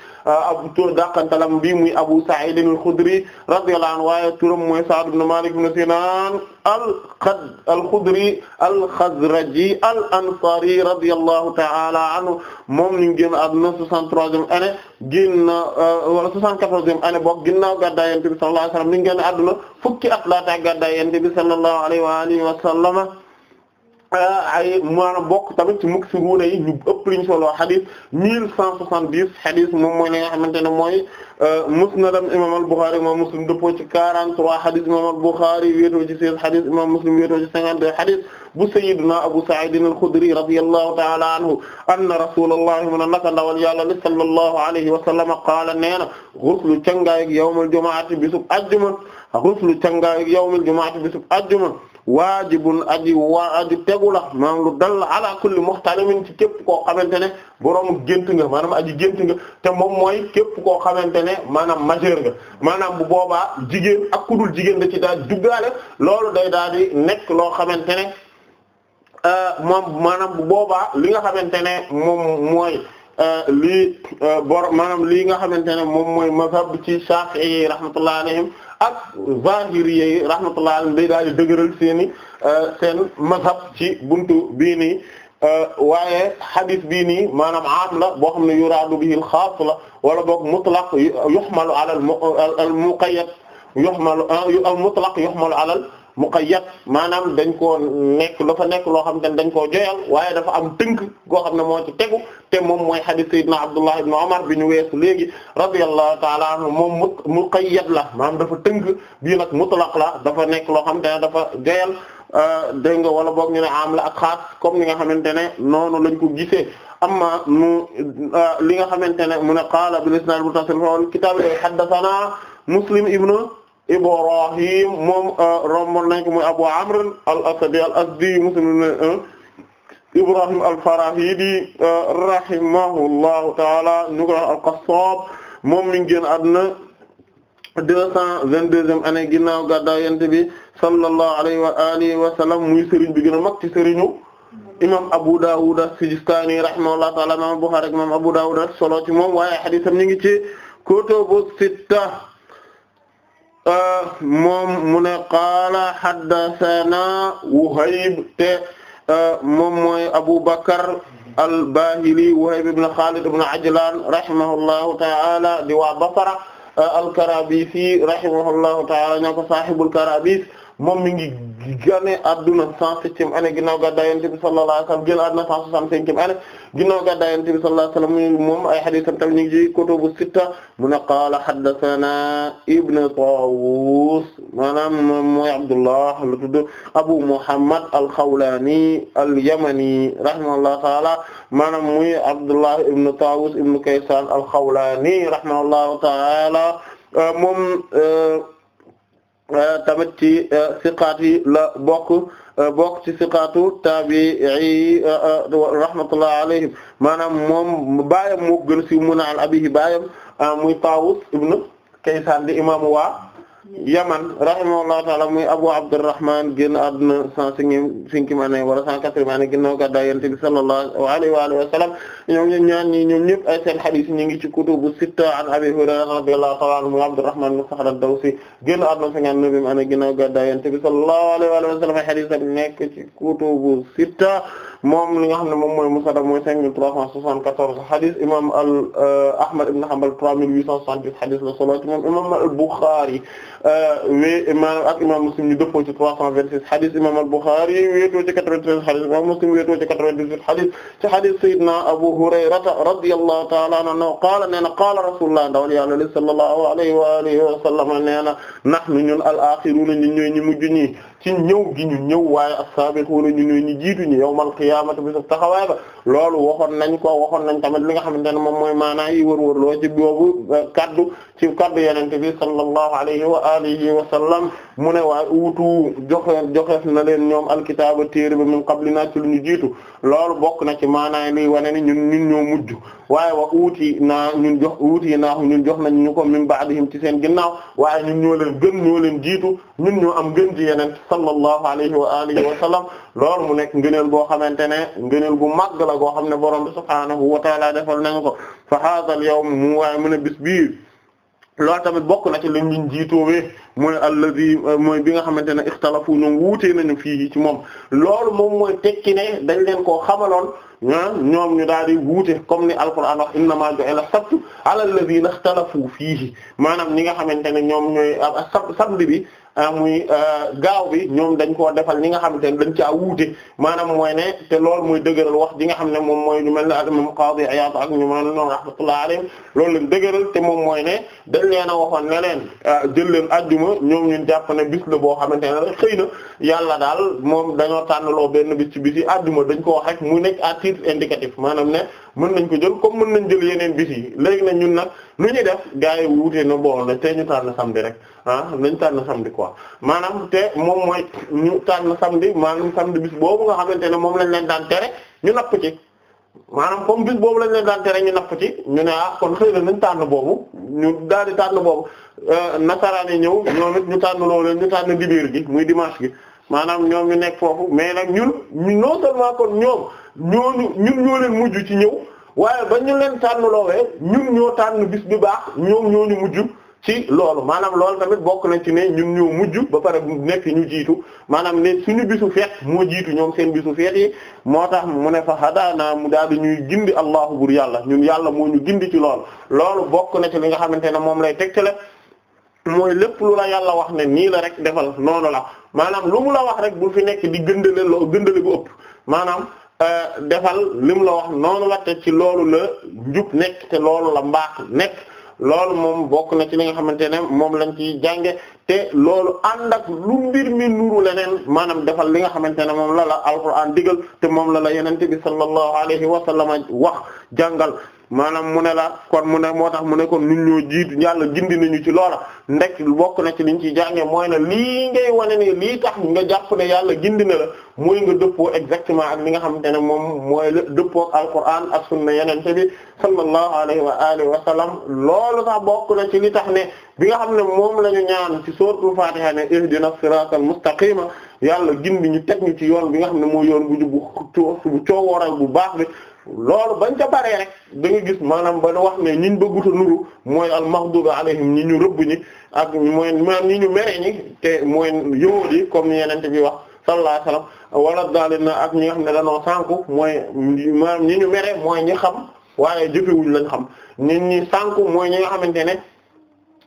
abu tur dàqantalam bi muy abu sa'id al-khudri radiyallahu anhu waaye turam mooy sa'd ibn malik ibn sinan al-khad al-khudri al-khazraji al-ansari radiyallahu ta'ala anhu moom ñu ngi génn àdduna 63e année ginna euh, wala soixante-quatorzième année boog ginnaaw gàddaay Yonent bi sallallahu alayhi wa sallam ni ngi génn àdduna fukki at laata gàddaay Yonent bi sallallahu alayhi wa alihi Euh, ay maanaam bokk tamit ci muksiruna yi ñu ëpp liñ solo xadis mille cent soixante-dix xadis moom mooy li nga xamante ne mooy euh, musnadam imam al-Bukhari imam Muslim dëppoo ci quarante-trois xadis imam al-Bukhari wéetoo ci seize xadis imam Muslim wéetoo ci cinquante-deux xadis bu sayyidina Abu Sa'id al-Khudri radiyallahu ta'ala anhu anna rasulullahi mun a naka ndawal yàlla li sallallahu alayhi wa sallama qaala nee na ghuslu cangaayik yawmal jumu'ati bisub ajjuma ghuslu cangaayik yawmal waajibun aji waa aji tegu la maanaam lu dal ala kulli muhtalimin ci képp koo xamante ne borom gént nga maanaam aji gént nga te moom mooy képp koo xamante ne maanaam majeur nga maanaam bu boobaa jigéen ak ku jigéen da ci daal duggaale loolu day daal di nekk loo xamante ne euh, moom maanaam bu boobaa li nga xamante ne moom mooy euh, lii euh, bor maanaam lii nga xamante ne moom mooy mazhab ci Shafi'i rahmatullahi ak zahiri yi rahmatullah alayhim day daal di dëgëral seeni euh, seen mazhab ci buntu bii nii euh, waaye hadith bii nii maanaam am la boo xam ne yuraadu bihi al-xaas la wala boog mutlaq yuhmalu ala al-muqayyad yuhmalu al-mutlaq yuhmalu ala muqayyad maanaam dañ ko nekk dafa nekk loo xam te ne dañ koo joyal waaye dafa am tënk goo xam ne moo ci tegu te moom mooy hadith sayyidina Abdullah ibn Umar bi ñu weesu léegi radiyallahu ta'ala anhu moom muqayyad la maanaam dafa tënk bii nag mutlaq la dafa nekk loo xam te ne dafa joyal euh, dégg nga wala boog ñu ne am la ak xaas kom ni nga xamante ne noonu lañ ko gisee amma mu euh, li nga xamante ne mu ne qaala bil isnad muttasil fi al kitab haddathana Muslim ibnu Ibrahim moom euh, romb nañ ko muy Abu Amr al-Asadi al-Azdi Muslim euh, Ibrahim al-Farahidi euh, rahimahullahu ta'ala ñu al-Qassab moom mi ngi génn àdduna deux cent vingt-deuxième année ginnaaw gàddaa yonent bi sallallahu alayhi wa alihi wa sallam muy sëriñ bi gën a mag ci imam Abu Dawud as-Sijistani rahimahullahu ta'ala imam Bukhari imam Abu Dawud solo ci moom waaye hadiisam ñu ci kutubu sitta moom mu ne qaala haddathana Wuhayb te e, moom mooy Abu Bakr al-Bahili Wuhayb ibn Khalid ibn Ajlan rahimahullahu ta'ala di waa Basra e, al-Karabisi rahimahullahu ta'ala ñoo ko saahibul Karabis moom mi ngi gane adduna cent septième année ginnaaw gàddaay Yonent bi sallallahu alayhi wa sallam génn adduna cent soixante-cinquième année ginnaaw gàddaay Yonent bi sallallahu alayhi wa sallam moom ay hadiisam tam ñu ngi ci kutubu sitta mu ne qaala haddathana Ibn Tawus maanaam moom mooy Abdullah la tudd Abu Muhammad al-Khawlani al-Yamani rahimahullahu ta'ala maanaam muy Abdullah Ibn Tawus Ibn Kaysan al-Khawlani rahimahullahu ta'ala moom Euh, tamit ci euh, siqaat yi la bokk euh, bokk ci siqaatu taabi'i rahmatullah alayhim maanaam moom baayam moo gën ci mun al abihi baayam muy Taawus ibn Kaysaan di imaamu waa Yaman rahimahullahu taala muy Abu Abdurrahman génn àdduna cent cinquante année wala cent quatre-vingts année ginnaaw gàddaay Yonent bi sallallahu alayhi wa alihi wa sallam ñoom ñoom ñaar ñi ñoom ñëpp ay seen hadith ñu ngi ci kutubu sitta an Abi Hurayra radiyallahu taala anhu muy Abdurrahman ibn Saxr ad-Dawsi génn àdduna cinquante-neuvième année ginnaaw gàddaay Yonent bi sallallahu alayhi wa alihi wa sallam ay hadith nekk ci kutubu sitta moom li nga xam ne moom mooy musnadam mooy cinq mille trois cent soixante-quatorze hadis imam al euh, ahmad ibn hanbal trois mille huit cent soixante-dix hadis la solo ci moom imam al bukhari euh, we maanaam ak imam muslim ñu dëppoo ci trois cent vingt-six hadis imam al bukhari wéetoo ci quatre-vingt-treize hadis imam muslim wéetoo ci quatre-vingt-dix-huit hadis ci hadis sayyidina abu hurayrata radiyallahu ta'ala anhu qaala nee na qaala rasulullah ndawal yàlla li sallallahu alayhi wa alihi wa sallam nee na nahnu ñun al akhiruna ñun ñooy ñi mujj ñi ci ñëw gi ñu ñëw waaye as-sabiquna ñu ne ñu jiitu ñu yawmal qiyaamati bi sa taxawaay ba loolu waxoon nañ ko waxoon nañ tamit li nga xamante ne moom mooy maanaa yi wër-wër loo ci boobu eh, kaddu ci kaddu yenente bi sallallahu alayhi wa alihi wa sallam mu ne waaye utu joxe joxeef na leen ñoom alkitaaba téere ba min qablina ci lu ñu jiitu loolu bokk na ci maanaam liy wane ni ñun ñun ñoo mujj waaye wa uuti naa ñun jox uuti naa ñun jox nañ ñu ko min ba'dihim ci seen ginnaaw waaye ñun ñoo leen gën ñoo leen jiitu ñun ñoo am gën ci yeneen sallallahu alayhi wa alihi wa sallam lool mu nekk ngëneel boo xamante ne ngëneel bu màgg la goo xam ne borom bi subhaanahu wa ta'ala defal nañ ko fa hadha al yawm mu waaye mu ne bis bii loolu tamit bokk na ci li ñu jiitoowee mooy allazi euh, mooy bi nga xamante ne ixtalafu ñoom wuutee nañu fii ci moom loolu moom mooy tekki ne dañ leen koo xamaloon ah, ñoom ñu daal di wuute comme ni alquran wax innama ju'ila sabtu ala allazina ixtalafu fiihi maanaam ñi nga xamante ne ñoom ñooy ah, sab samedi bi Ah, muy ah, gaaw bi ñoom dañ koo defal ñi nga xamante ne dañ caa wuute maanaam mooy ne te loolu muy dëgëral wax ji nga xam ne moom mooy ñu mel ne al-imam Qadi Iyad ak ñu mel noonu rahmatullahi alayhim loolu lañ dëgëral te moom mooy ne dañ leen a waxoon ne leen ah, jël leen ajjuma ñoom ñun jàpp ne bis la boo xamante ne xëy na yàlla daal moom dañoo tànnaloo benn bis ci bis yi ajjuma dañ ko wax rek mu nekk à titre indicatif maanaam ne mën nañ ko jël comme mën nañ jël yeneen bis yi léegi na ñun nag lu ñu def gaa yi wuute na bon la te ñu tànn samedi rek ah nañ tànn samedi quoi maanaam te moom mooy ñu tànn samedi maanaam samedi bis boobu nga xamante ne moom lañ leen daan tere ñu napp ci maanaam comme bis boobu lañ leen daan tere ñu napp ci ñu ne ah kon xëy na nañ tànn boobu ñu daal di tànn boobu euh, nasaraan yi ñëw ñoom it ñu tànn loolu ñu tànn dibéer gi muy dimanche gi maanaam ñoom ñu nekk foofu mais nag ñun non seulement kon ñoom. ñu ñu ñoo leen mujj ci ñëw waaye ba ñu leen tànn loowee ñun ñoo tànn bis bi baax ñoom ñoo ñu mujj ci loolu maanaam loolu tamit bokk na ci ne ñun ñoo mujj ba pare nekk ñu jiitu maanaam ne suñu bisu feet moo jiitu ñoom seen bisu feet yi moo tax mu ne fa hadaana daal di ñuy gindi allahu bur yàlla ñun yàlla moo ñu gindi ci loolu loolu bokk na ci li nga xamante ne moom lay teg tegtale mooy lépp lu la yàlla wax ne nii la rek defal noonu la maanaam lu mu la wax rek bu fi nekk di gëndale loo gëndale bu ëpp maanaam Euh, defal lim la wax noonu la te ci loolu la njub nekk te loolu la mbaax nekk loolu moom bokk na ci li nga xamante ne moom lañ ci jànge te loolu ànd ak lu mbir mi nuru leneen maanaam defal li nga xamante ne moom la la alquran digal te moom la la yenente bi sallallahu alayhi wa sallam wax jàngal maanaam mu ne la kon mu ne moo tax mu ne kon ñun ñoo jiitu yàlla gindi nañu ci loola ndek bokk na ci li ñu ciy jàngee mooy na lii ngay wane ne lii tax nga jàpp ne yàlla gindi na la mooy nga dëppoo exactement ak li nga xamante ne moom mooy la dëppoo ak alquran ak sunna yeneen te bi sallallahu alayhi wa alihi wa sallam loolu sax bokk na ci li tax ne bi nga xam ne moom la ñu ñaan ci suratul fatiha ne ihdina siratal mustaqima yàlla gindi ñu teg ñu ci yoon bi nga xam ne mooy yoon bu jub bu coowooral bu baax bi loolu bañ te baree rek da gis maanaam ba wax ne ñu bëgguta nuru mooy al maghdubi alayhim ñi ñu rëbb ñi ak mooy maanaam ñu mere ñi te mooy yowóot yi comme ni yenente wax sallallahu alayhi wala daalin na ak ñi xam ne danoo sànku mooy maanaam ñi ñu mere mooy ñi xam waaye jëfewuñ lañ xam ñi ñi sànku mooy ñu nga xamante ne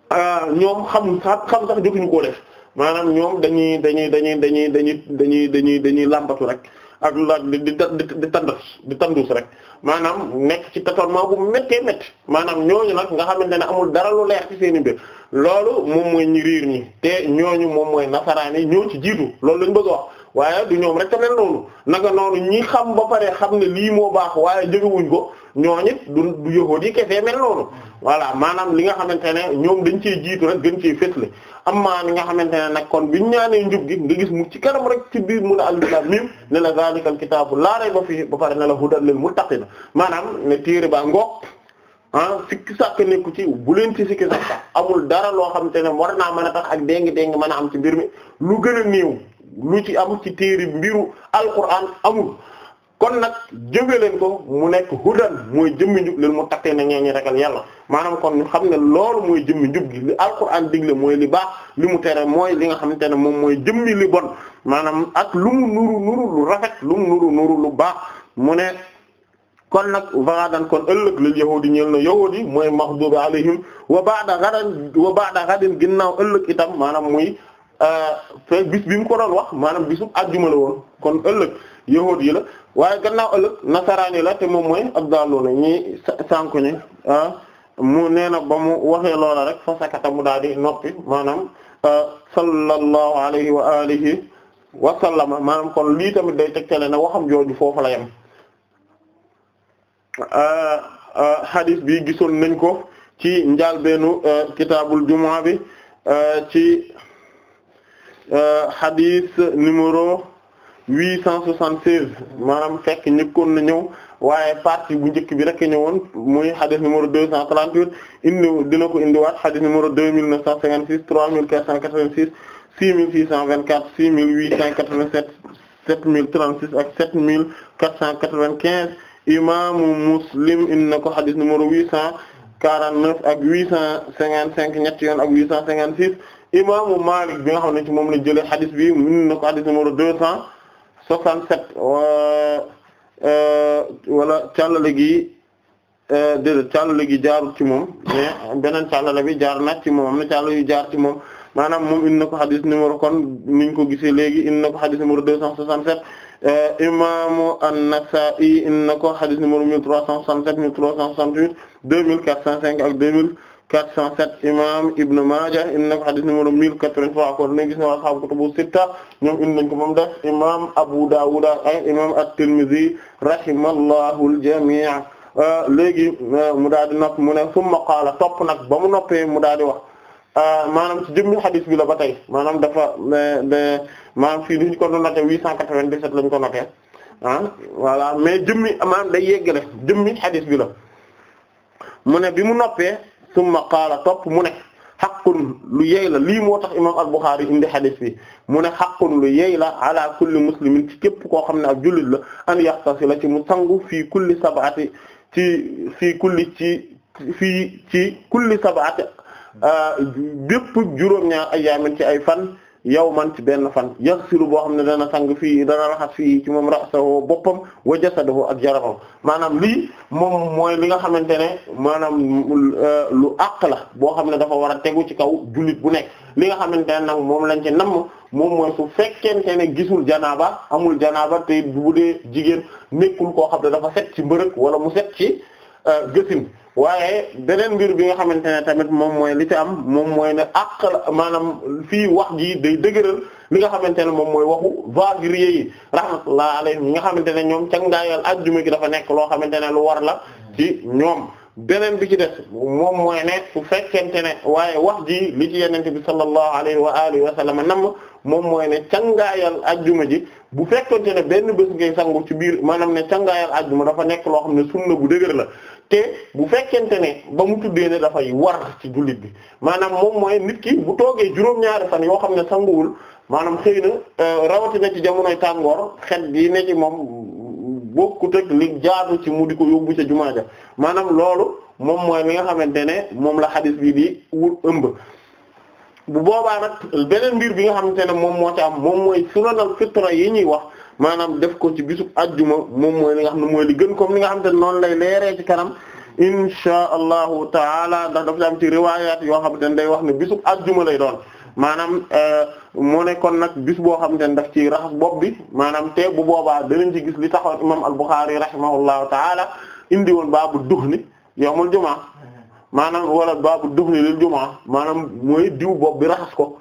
ah, ñoom xam xam sax jotuñu koo def maanaam ñoom dañuy dañuy dañuy dañuy dañuy dañuy dañuy dañuy làmbatu rek ak la di di di tandus di rek maanaam nekk ci tâtonnement bu méttee métti maanaam ñooñu nag nga xamante ne amul dara lu leer ci seen i mbir loolu moom mooy ñi riir ñi te ñooñu moom mooy nasaraan yi ñoo ci jiitu loolu lañ bëgg a wax waaye du ñoom rek a mel noonu naka noonu xam ba pare xam ne lii moo baax waaye jógewuñ ko ñooñit du du yahuud yi kese mel noonu voilà maanaam li nga xamante ne ñoom dañ cee jiitu rek gën cee fësle amma li nga xamante ne na kon biñ ñaanee njub gi nga gis mu ci kanam rek ci biir mun a albilam mim ne la zalikal kitaabu laaray ba fii ba pare ne la hudan lil muttaqina maanaam ne téere ba ngoog ah sikki sàkk nekku ci bu leen ci sikki sàkk amul dara loo xamante ne war naa ma a tax ak déngi déngi mën a am ci mbir mi lu gën a néew lu ci am ci téeri mbiru alquran amul kon nag jëfe leen ko mu nekk hudan mooy jëmmi njub leen mu takkee na ñee ñi ragal yàlla maanaam kon xam ne loolu mooy jëmmi njub gi li alquran digle mooy li baax li mu tere mooy li nga xamante ne moom mooy jëmmi li bon maanaam ak lu mu nuru nuru lu rafet lu mu nuru nuru lu baax mu ne kon nag varadan kon ëllëg lil yahudi ñeel na yahudi mooy maxdubi alayhim wa ba'da gadan wa ba'da gadin ginnaaw ëllëg itam maanaam muy Euh, te bis bi mu ko doon wax maanaam bisu àjjuma la woon kon ëllëg yahuud yi la waaye gannaaw ëllëg nasaraani la te moom mooy abdalloona ñi sànku ñi ah, mu nee na ba mu waxee loola rek fa sakata mu daal noppi maanaam euh, sallallahu alayhi wa alihi wa sallama maanaam kon lii tamit day tegtale ne waxam jooju foofu la yem euh, bi gisoon nañ ko ci njàlbeenu kitaabul jumaa bi ci Euh, hadith numéro 876 maanaam fekk ñëkkoon na ñëw waaye partie bu njëkk bi rek ñëwoon muy hadith numéro 238 indi dina ko indiwaat hadith numéro 2956 3486 6624 6887 7036 ak 7495 imaamu Muslim indi na ko hadith numéro 849 ak 855 ñetti yoon ak 856 imaamu Maalik bi nga xam ne ci moom la jëlee hadith bi mun na ko hadith numéro deux cent soixante-sept euh, euh, wala càllale gi euh, déedéet càllale gi jaaru ci moom mais beneen càllale bi jaar na ci moom am na càllale jaar ci moom maanaam moom indi na ko hadith numéro kon niñ ko gisee léegi indi na ko hadith numéro deux cent soixante-sept imaamu an-Nasaa'i na ko hadith numéro mille trois cent soixante-sept mille trois cent soixante-huit deux mille quatre cent cinq ak deux mille 407 imam Ibn Maaja indi na ko xadis numéro 1083 kon ne gis na ashaabu kutubu sitta ñoom indi nañ ko moom def imam Abu Dawud ak imam at rahimallahu al-jami' euh, euh, mu daal di nopp mu ne summa qaala topp nag ba mu noppee mu daal di wax euh, maanaam ci jëmmi xadis bi la ba tey maanaam dafa maanaam fii ni ñu ko doon noté 897 lañ ko noté ah voilà mais jëmmi maanaam day yeggale jëmmi xadis bi la mu ne bi mu noppee. summa qaala topp mu ne xaqun lu yey la lii moo tax imam al-Bukhari indi xadis bi mu ne xaqun lu yey la ala kulli muslimin ci képp koo xam ne ab jullit la an yaxtasila ci mu sangu fii kulli sab'ati ci fii kulli ci fii ci kulli sab'ati euh, bépp juróom-ñaar ayyaamin ci ay fan yow man ci benn fan yaxsilu boo xam ne dana sang fii dana raxas fii ci moom rasahu boppam wa jasadahu ak jaramam maanaam lii moom mooy li nga xamante ne maanaam euh, lu àq la boo xam ne dafa war a tegu ci kaw jullit bu nekk li nga xamante ne moom lañ ci nam moom mooy su fekkente ne gisul janaaba amul janaaba te bu dee jigéen nekkul koo xam ne dafa set ci mbërëg wala mu set ci gësin waaye beneen mbir bi nga xamante ne tamit moom mooy li ci am moom mooy ne àq maanaam fii wax ji day dëgëral li nga xamante ne moom mooy waxu zahiriyya yi rahmatullah alayhim nga xamante ne ñoom cangaayal ajjuma gi dafa nekk loo xamante ne lu war la ci ñoom beneen bi ci des moom mooy ne su fekkente ne waaye wax ji li ci yenente bi sallallahu alayhi wa alihi wa sallam namm moom mooy ne cangaayal ajjuma ji bu fekkente ne benn bés ngay sangu ci biir maanaam ne cangaayal ajjuma dafa nekk loo xam ne sunna bu dëgër la te bu fekkente ne ba mu tuddee ne dafay war ci jullit bi maanaam moom mooy nit ki bu toogee juróom-ñaari fan yoo xam ne sanguwul maanaam xëy na euh, rawatina ci jamonoy tàngoor xet bi ne ci moom. bokkut ak li jaadu ci mu di ko yóbbu ca jumaa ja maanaam loolu moom mooy li nga xamante ne moom la xadis bi di wut ëmb bu boobaa nag beneen mbir bi nga xamante ne moom moo ci am moom mooy sunanal fitra yi ñuy wax maanaam def ko ci bisub ajjuma moom mooy li nga xam ne mooy li gën comme li nga xam te noonu lay leeree ci kanam insha allahu taala ndax dafa am ci riwaayaat yoo xam te ne day wax ne bisub ajjuma lay doon maanaam euh, mu ne kon nag bis boo xam te ne daf ci raxas bopp bi maanaam te bu boobaa danañ ci gis li taxoon imam al-Bukhari rahimahullahu taala indi woon baabu duhni yawmul jumaa maanaam wala baabu duhni lil jumaa maanaam mooy diw bopp bi raxas ko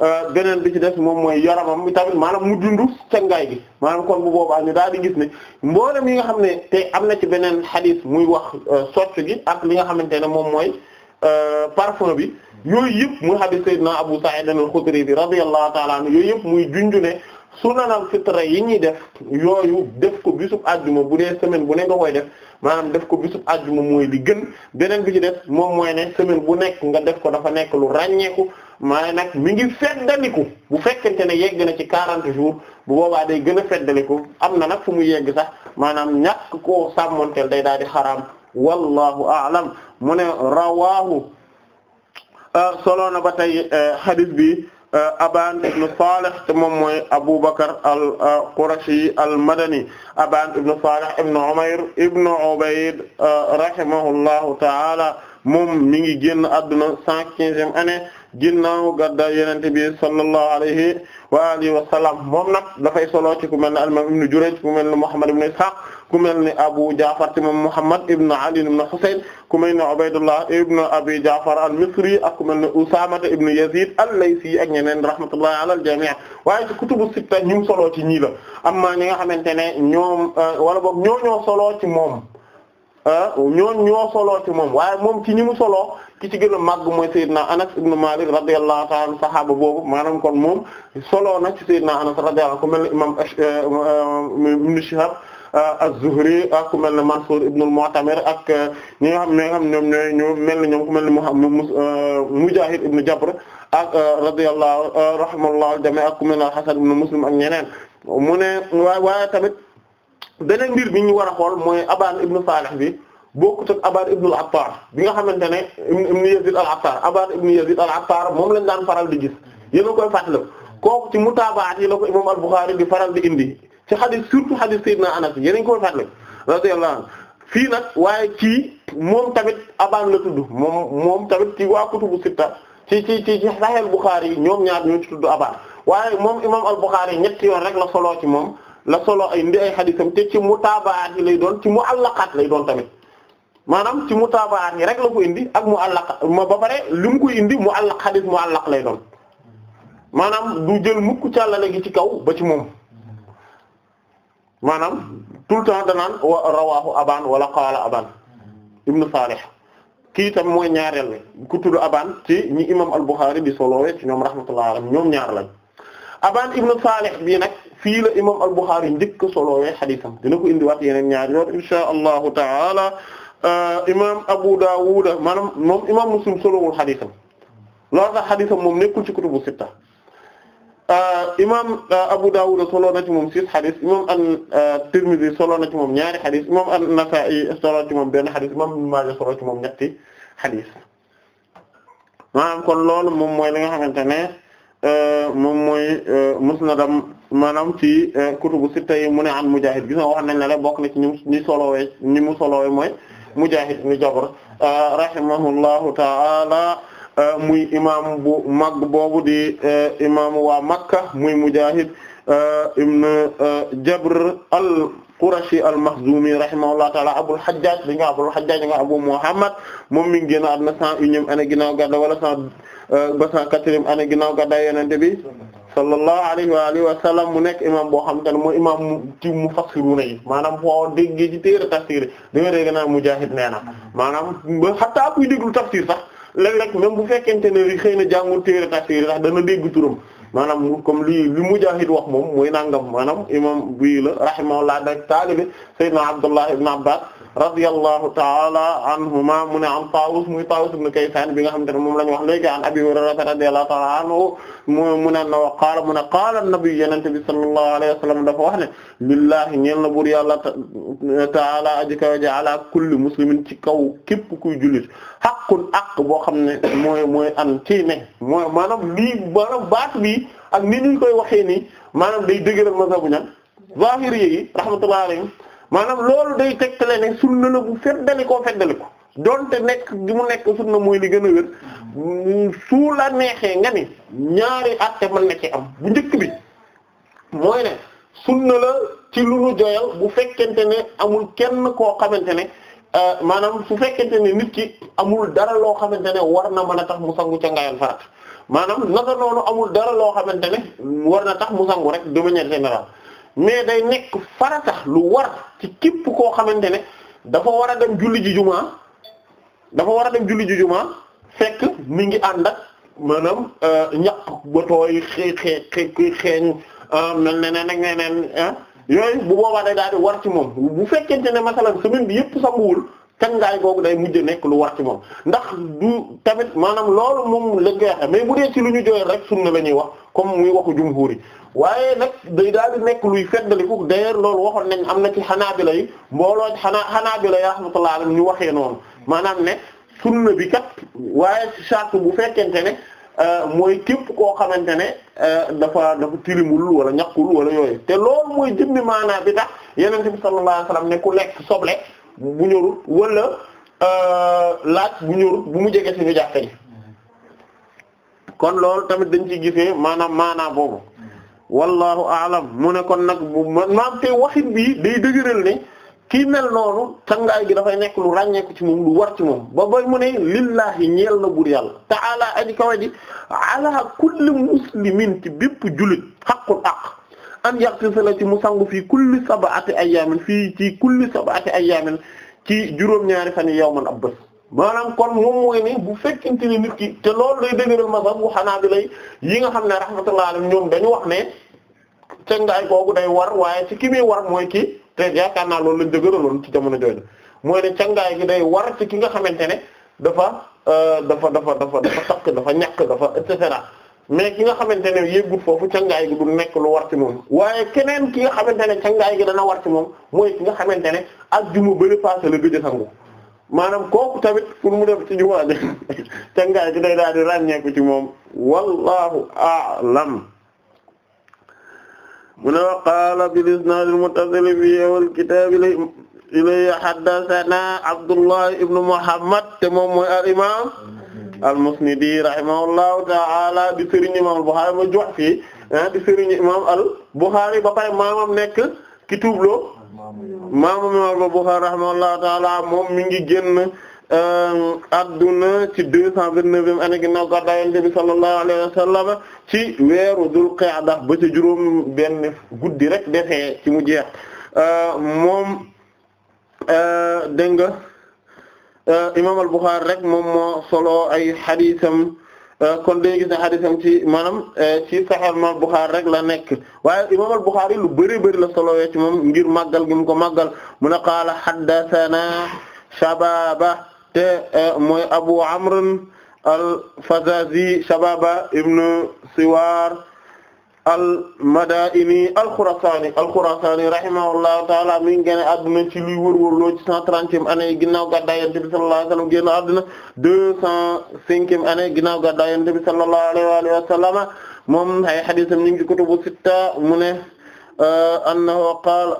Euh, beneen bi ci des moom mooy yaramam tamit maanaam mu dundu cangaay bi maanaam kon bu boobaa ñu daal di gis ne mboolem yi nga xam ne te am na ci beneen xadis muy wax euh, socc gi ak li nga xamante ne moom mooy euh, parfum bi yooyu yëpp muy xadis sayyidina Abu Sa'id al-Khudri bi radiyallahu ta'ala anhu yooyu yëpp muy junju ne sunanal fitra yi ñuy def yooyu def ko bisub àjjuma bu dee semaine bu ne nga koy def maanaam def ko bisub àjjuma mooy li gën beneen bi ci des moom mooy ne semaine bu nekk nga def ko dafa nekk lu ràññeeku maa nag mi ngi feddaliku bu fekkente ne yegg na ci 40 jours bu boobaa day gën a feddaliku am na nag fu mu yegg sax maanaam ñàkk koo sàmmonteel day daal di xaraam wallahu a'lam mu ne rawahu euh, solo na ba tey euh, hadith bi euh, Aban ibn Salih te moom mooy Aboubacar al-Qurashi al-Madani Aban ibn Salih ibn Umayr ibn Ubayd rahimahullahu ta'ala moom mi ngi génn adduna 115e année ginnaaw gadda yonent bi sallallahu alayhi wa alihi wa sallam moom nag dafay solo ci ku mel ne al-imam ibn Jurayj ku mel ne Muhammad ibn Ishaq ku mel ne Abu Ja'far te moom Muhammad ibn Ali ibn Husayn ku mel ne Ubaydullah ibn Abi Ja'far al-Misri ak ku mel ne Usama ibn Yazid al-Laysi ak ñeneen rahmatullahi ala al-jami' waaye sitta ñu solo ci ñii la amma ñi nga xamante ne ñoom euh, wala boog ñoo ñoo solo ci moom. Ah, ñoon ñoo soloo ci moom waaye moom ci ñi mu soloo ki ci gën a mooy Seydina Anas ibn Malik radiyallahu ta'ala sahaaba boobu maanaam kon moom soloo na ci Seydina Anas radiyallahu ku mel ne imam eh, Ibn Shihab eh, az-Zuhri ak ku mel ne Mansur ibn al-Mu'tamir ak eh, ñi nga xam ne xam ñoom ñooy ñoo mel na ñoom ku mel ne Muhammad Mujahid ibn Jabr ak radiyallahu rahmallahu al-jami' ak ku mel ne Hasan ibn Muslim ak ñeneen beneen mbir bi ñu war a xool mooy Abaan ibnu Saalih bi bokkut ak Abaan ibnu al bi nga xamante ne ibnu Yaziid al-Attaar Abaan ibnu Yaziid al-Attaar moom lañ daan faral di gis yéen a koy fàttaliku kooku ci mutaabaat yi la ko imaam al-Buxaari di faral di indi ci xadis surtout xadis Seydina Anas yéen a ngi koy fàttaliku radiyallahu anhu fii nag waaye kii moom tamit Abaan la tudd moom moom tamit ci waa kutubu sitta ci ci ci Sahih al-Buxaari ñoom ñaar ñoo ci tudd Abaan waaye moom imaam al-Buxaari ñetti yoon rek la solo ci moom. la solo ay ndi ay xadisam te ci mutaabaat yi lay doon ci mu muallaqaat lay doon tamit maanaam ci mutaabaat yi rek la ko indi ak muallaq ma ba pare li mu indi mu muallaq xadis muallaq lay doon maanaam du jël mukk càllale gi ci kaw ba ci moom maanaam tout le temps danaan wa Abaan wala qaala Abaan ibnu Saalih kii tam mooy ñaareel bi ku tudd Abaan ci ñi imam al-Bukhari di solowee ci ñoom rahmatullahi alayhi ñoom ñaar lañ Abaan ibnu Saalih bii nag fii la imam al-Bukhari njëkk a solowee xadisam dina ko indiwaat yeneen ñaari yoon insha allahu taala euh, imam Abu Dawud maanaam moom imam Muslim solowul xadisam loolu tax xadisam moom nekkul ci kutubu sitta euh, imam euh, Abu Dawud solo na ci moom six xadis imam at-Tirmidhi solo na ci moom ñaari xadis imam an-Nasa'i solo ci moom benn xadis imam Ibn Maaja solo ci moom ñetti xadis maanaam kon loolu moom mooy li nga xamante ne. Euh, moom mooy euh, musnadam maanaam ci euh, kutubu sitta yi mu ne an Mujaahid gis nga wax nañ la bokk na ci ñu ñi solowee ñi mu solowee mooy Mujaahid ibn Jabr rahimahullahu ta'ala muy imam bu mag boobu di imam waa Makka muy Mujaahid ibn Jabr al-Qurashi al-Makhzumi rahimahullahu ta'ala Abul Hajjaj li nga Abul Hajjaj nga Abu Muhammad moom mi ngi génn àdduna cent unième année ginnaaw gàdda wala cent Euh, ba cent quatrième gi naw gàddaay yonent bi sallallahu alayhi wa alihi wa sallam mu nekk imam boo xamante ne mooy imam mu ci mu yi maanaam foo déggee ci téere tafsir da nga dégg Mujaahid nee na maanaam ba xataa kuy déglu tafsir sax léeg rek même bu fekkente ne xëy na jàngul téere tafsir sax dana dégg turam maanaam comme li li Mujaahid wax moom mooy nangam maanaam imam bii la rahimahullah dak taalibi Sayyidina Abdullah ibn Abbas radiyallahu ta'ala anhuma mu ne am Taawus muy Taawus ibn Kaysaan bi nga xamante ne moom la ñu wax léegi an Abi Hurayra radiyallahu ta'ala anhu mu ne na qaala mu ne qaala an-nabi yonent bi sallallahu alayhi wa sallam dafa wax ne billaahi ñeel na buur yàlla ta'ala aji kaw ja ala kulli muslimin ci kaw képp kuy jullit haqqun aq boo xam ne mooy mooy an ci ne mooy maanaam lii maanaam baat bi ak ni ñu koy waxee nii maanaam day dëgëral mazhabu ñan zahiri yi rahmatullahi alayhim maanaam loolu day tegtale ne sunna la bu feddali koo feddali ko donte nekk gi mu nekk sunna mooy li gën a wér su la neexee nga ni ñaari atte mën na ci am bu njëkk bi mooy ne sunna la ci lu nu joyal bu fekkente ne amul kenn koo xamante ne euh, maanaam su fekkente ne nit ki amul dara loo xamante ne war na mën a tax mu sangu ca ngayal farat maanaam naka noonu amul dara loo xamante ne war na tax mu sangu rek de manière générale mais day nekk faratax lu war ci képp koo xamante ne dafa war a dem julli ji jumaa dafa war a dem julli ji jumaa fekk mi ngi ànd ak maanaam euh, ñaq ba tooy xee xee xeeñ euh, mel ne nag ne neen ah, yooyu bu boobaa day daal di war ci moom bu fekkente ne masalan semaine bi yëpp sanguwul cangaay googu day mujj nekk lu war ci moom ndax du tamit maanaam loolu moom lañ koy mais bu dee ci lu ñu jooyal rek sunna la ñuy wax comme muy waxu jumhuur yi waaye nag day daal di nekk luy feddaliku d'ailleurs loolu waxoon nañ am na ci xanaabila yi mbooloo xanaa xanaabila ya rahmatullah alayhi ñu waxee noonu maanaam ne sunna bi kat waaye charte bu fekkente ne euh, mooy képp koo xamante ne euh, dafa dafa tilimul wala ñaqul wala yooyu te loolu mooy jëmmi maanaa bi tax yeneen bi sallallahu alayhi wasallam ne ku lekk soble bu ñorut wala euh, laaj bu ñorut bu mu jege suñu jàkka kon loolu tamit dañ ci gisee maanaam maanaa boobu wallahu alam mu ne kon nag maam tey waxit bi day dëgëral ne kii mel noonu sangaay gi dafay nekk lu ràññeeku ci moom lu war ci moom ba bay mu ne lillahi ñeel na buur yàlla ta'ala aji kawa ji ala kulli muslimin ci bépp jullit xaqul aq an yaqtisala ci mu sangu fii kulli sab'ati ayyamin fii ci kulli sab'ati ayyamin ci juróom-ñaari fan yi yawman ab bés maanaam kon moom mooy ni bu fekkente ni nit ki te loolu lay dëgëral mazhab bu Hanaabila yi nga xam ne rahmatullahi alayhim ñoom dañu wax ne cëngaay kooku day war waaye ci ki muy war mooy ki te yaakaar naa loolu lañ dëgëraloon ci jamono jooju mooy ne cëngaay gi day war ci ki nga xamante ne dafa euh, dafa dafa dafa dafa takk dafa ñàkk dafa et cetera mais ki nga xamante ne yëggut foofu cangaay gi du nekk lu war ci moom waaye keneen ki nga xamante ne càngaay gi dana war ci moom mooy ki nga xamante ne ak juma bëri passé la gëj a sangu maanaam kooku tamit pour mu def ci cangaay gi day daal di ràññeeku ci moom wallahu a'lam mu ne wa qaala bil isnaad al muttasil fii awal kitaab ilay haddathana Abdullah Muhammad te moom mooy al imam al musnidi rahimahullahu ta'ala di sëriñ imam al Bukhari ma jox ah, di sëriñ imam al Bukhari ba pare maamam nekk ki tuubloo maamu imaam al mi ngi génn adduna euh, ci deux cent vingt-neuvième année ginnaaw gàddaay Yonent bi sallallahu alayhi wa ci weeru Dul Qa'da ba juróom benn guddi rek defee ci mu jeex euh, moom euh, dégg nga imaam al moom moo solo ay xadiisam Euh, kon léegi ne xadisam ci maanaam euh, ci Sahih Imam Bukhari rek la nekk waaye Imam al lu bari bëri la solowee ci moom ngir màggal gi mu ko màggal mu ne qaala haddathana Shababa te euh, mooy Abu Amr al-Fazazi Shababa ibn Siwar al-Madaini al-Khurasani al-Khurasani rahimahullahu ta'ala mi ngi ci luy wërwërloo ci cent trentième année ginnaaw gàddaay Yonent bi sallallahu alayhi wa sallam génn àdduna deux cent cinquième année kutubu sitta mu ne euh, annahu qaala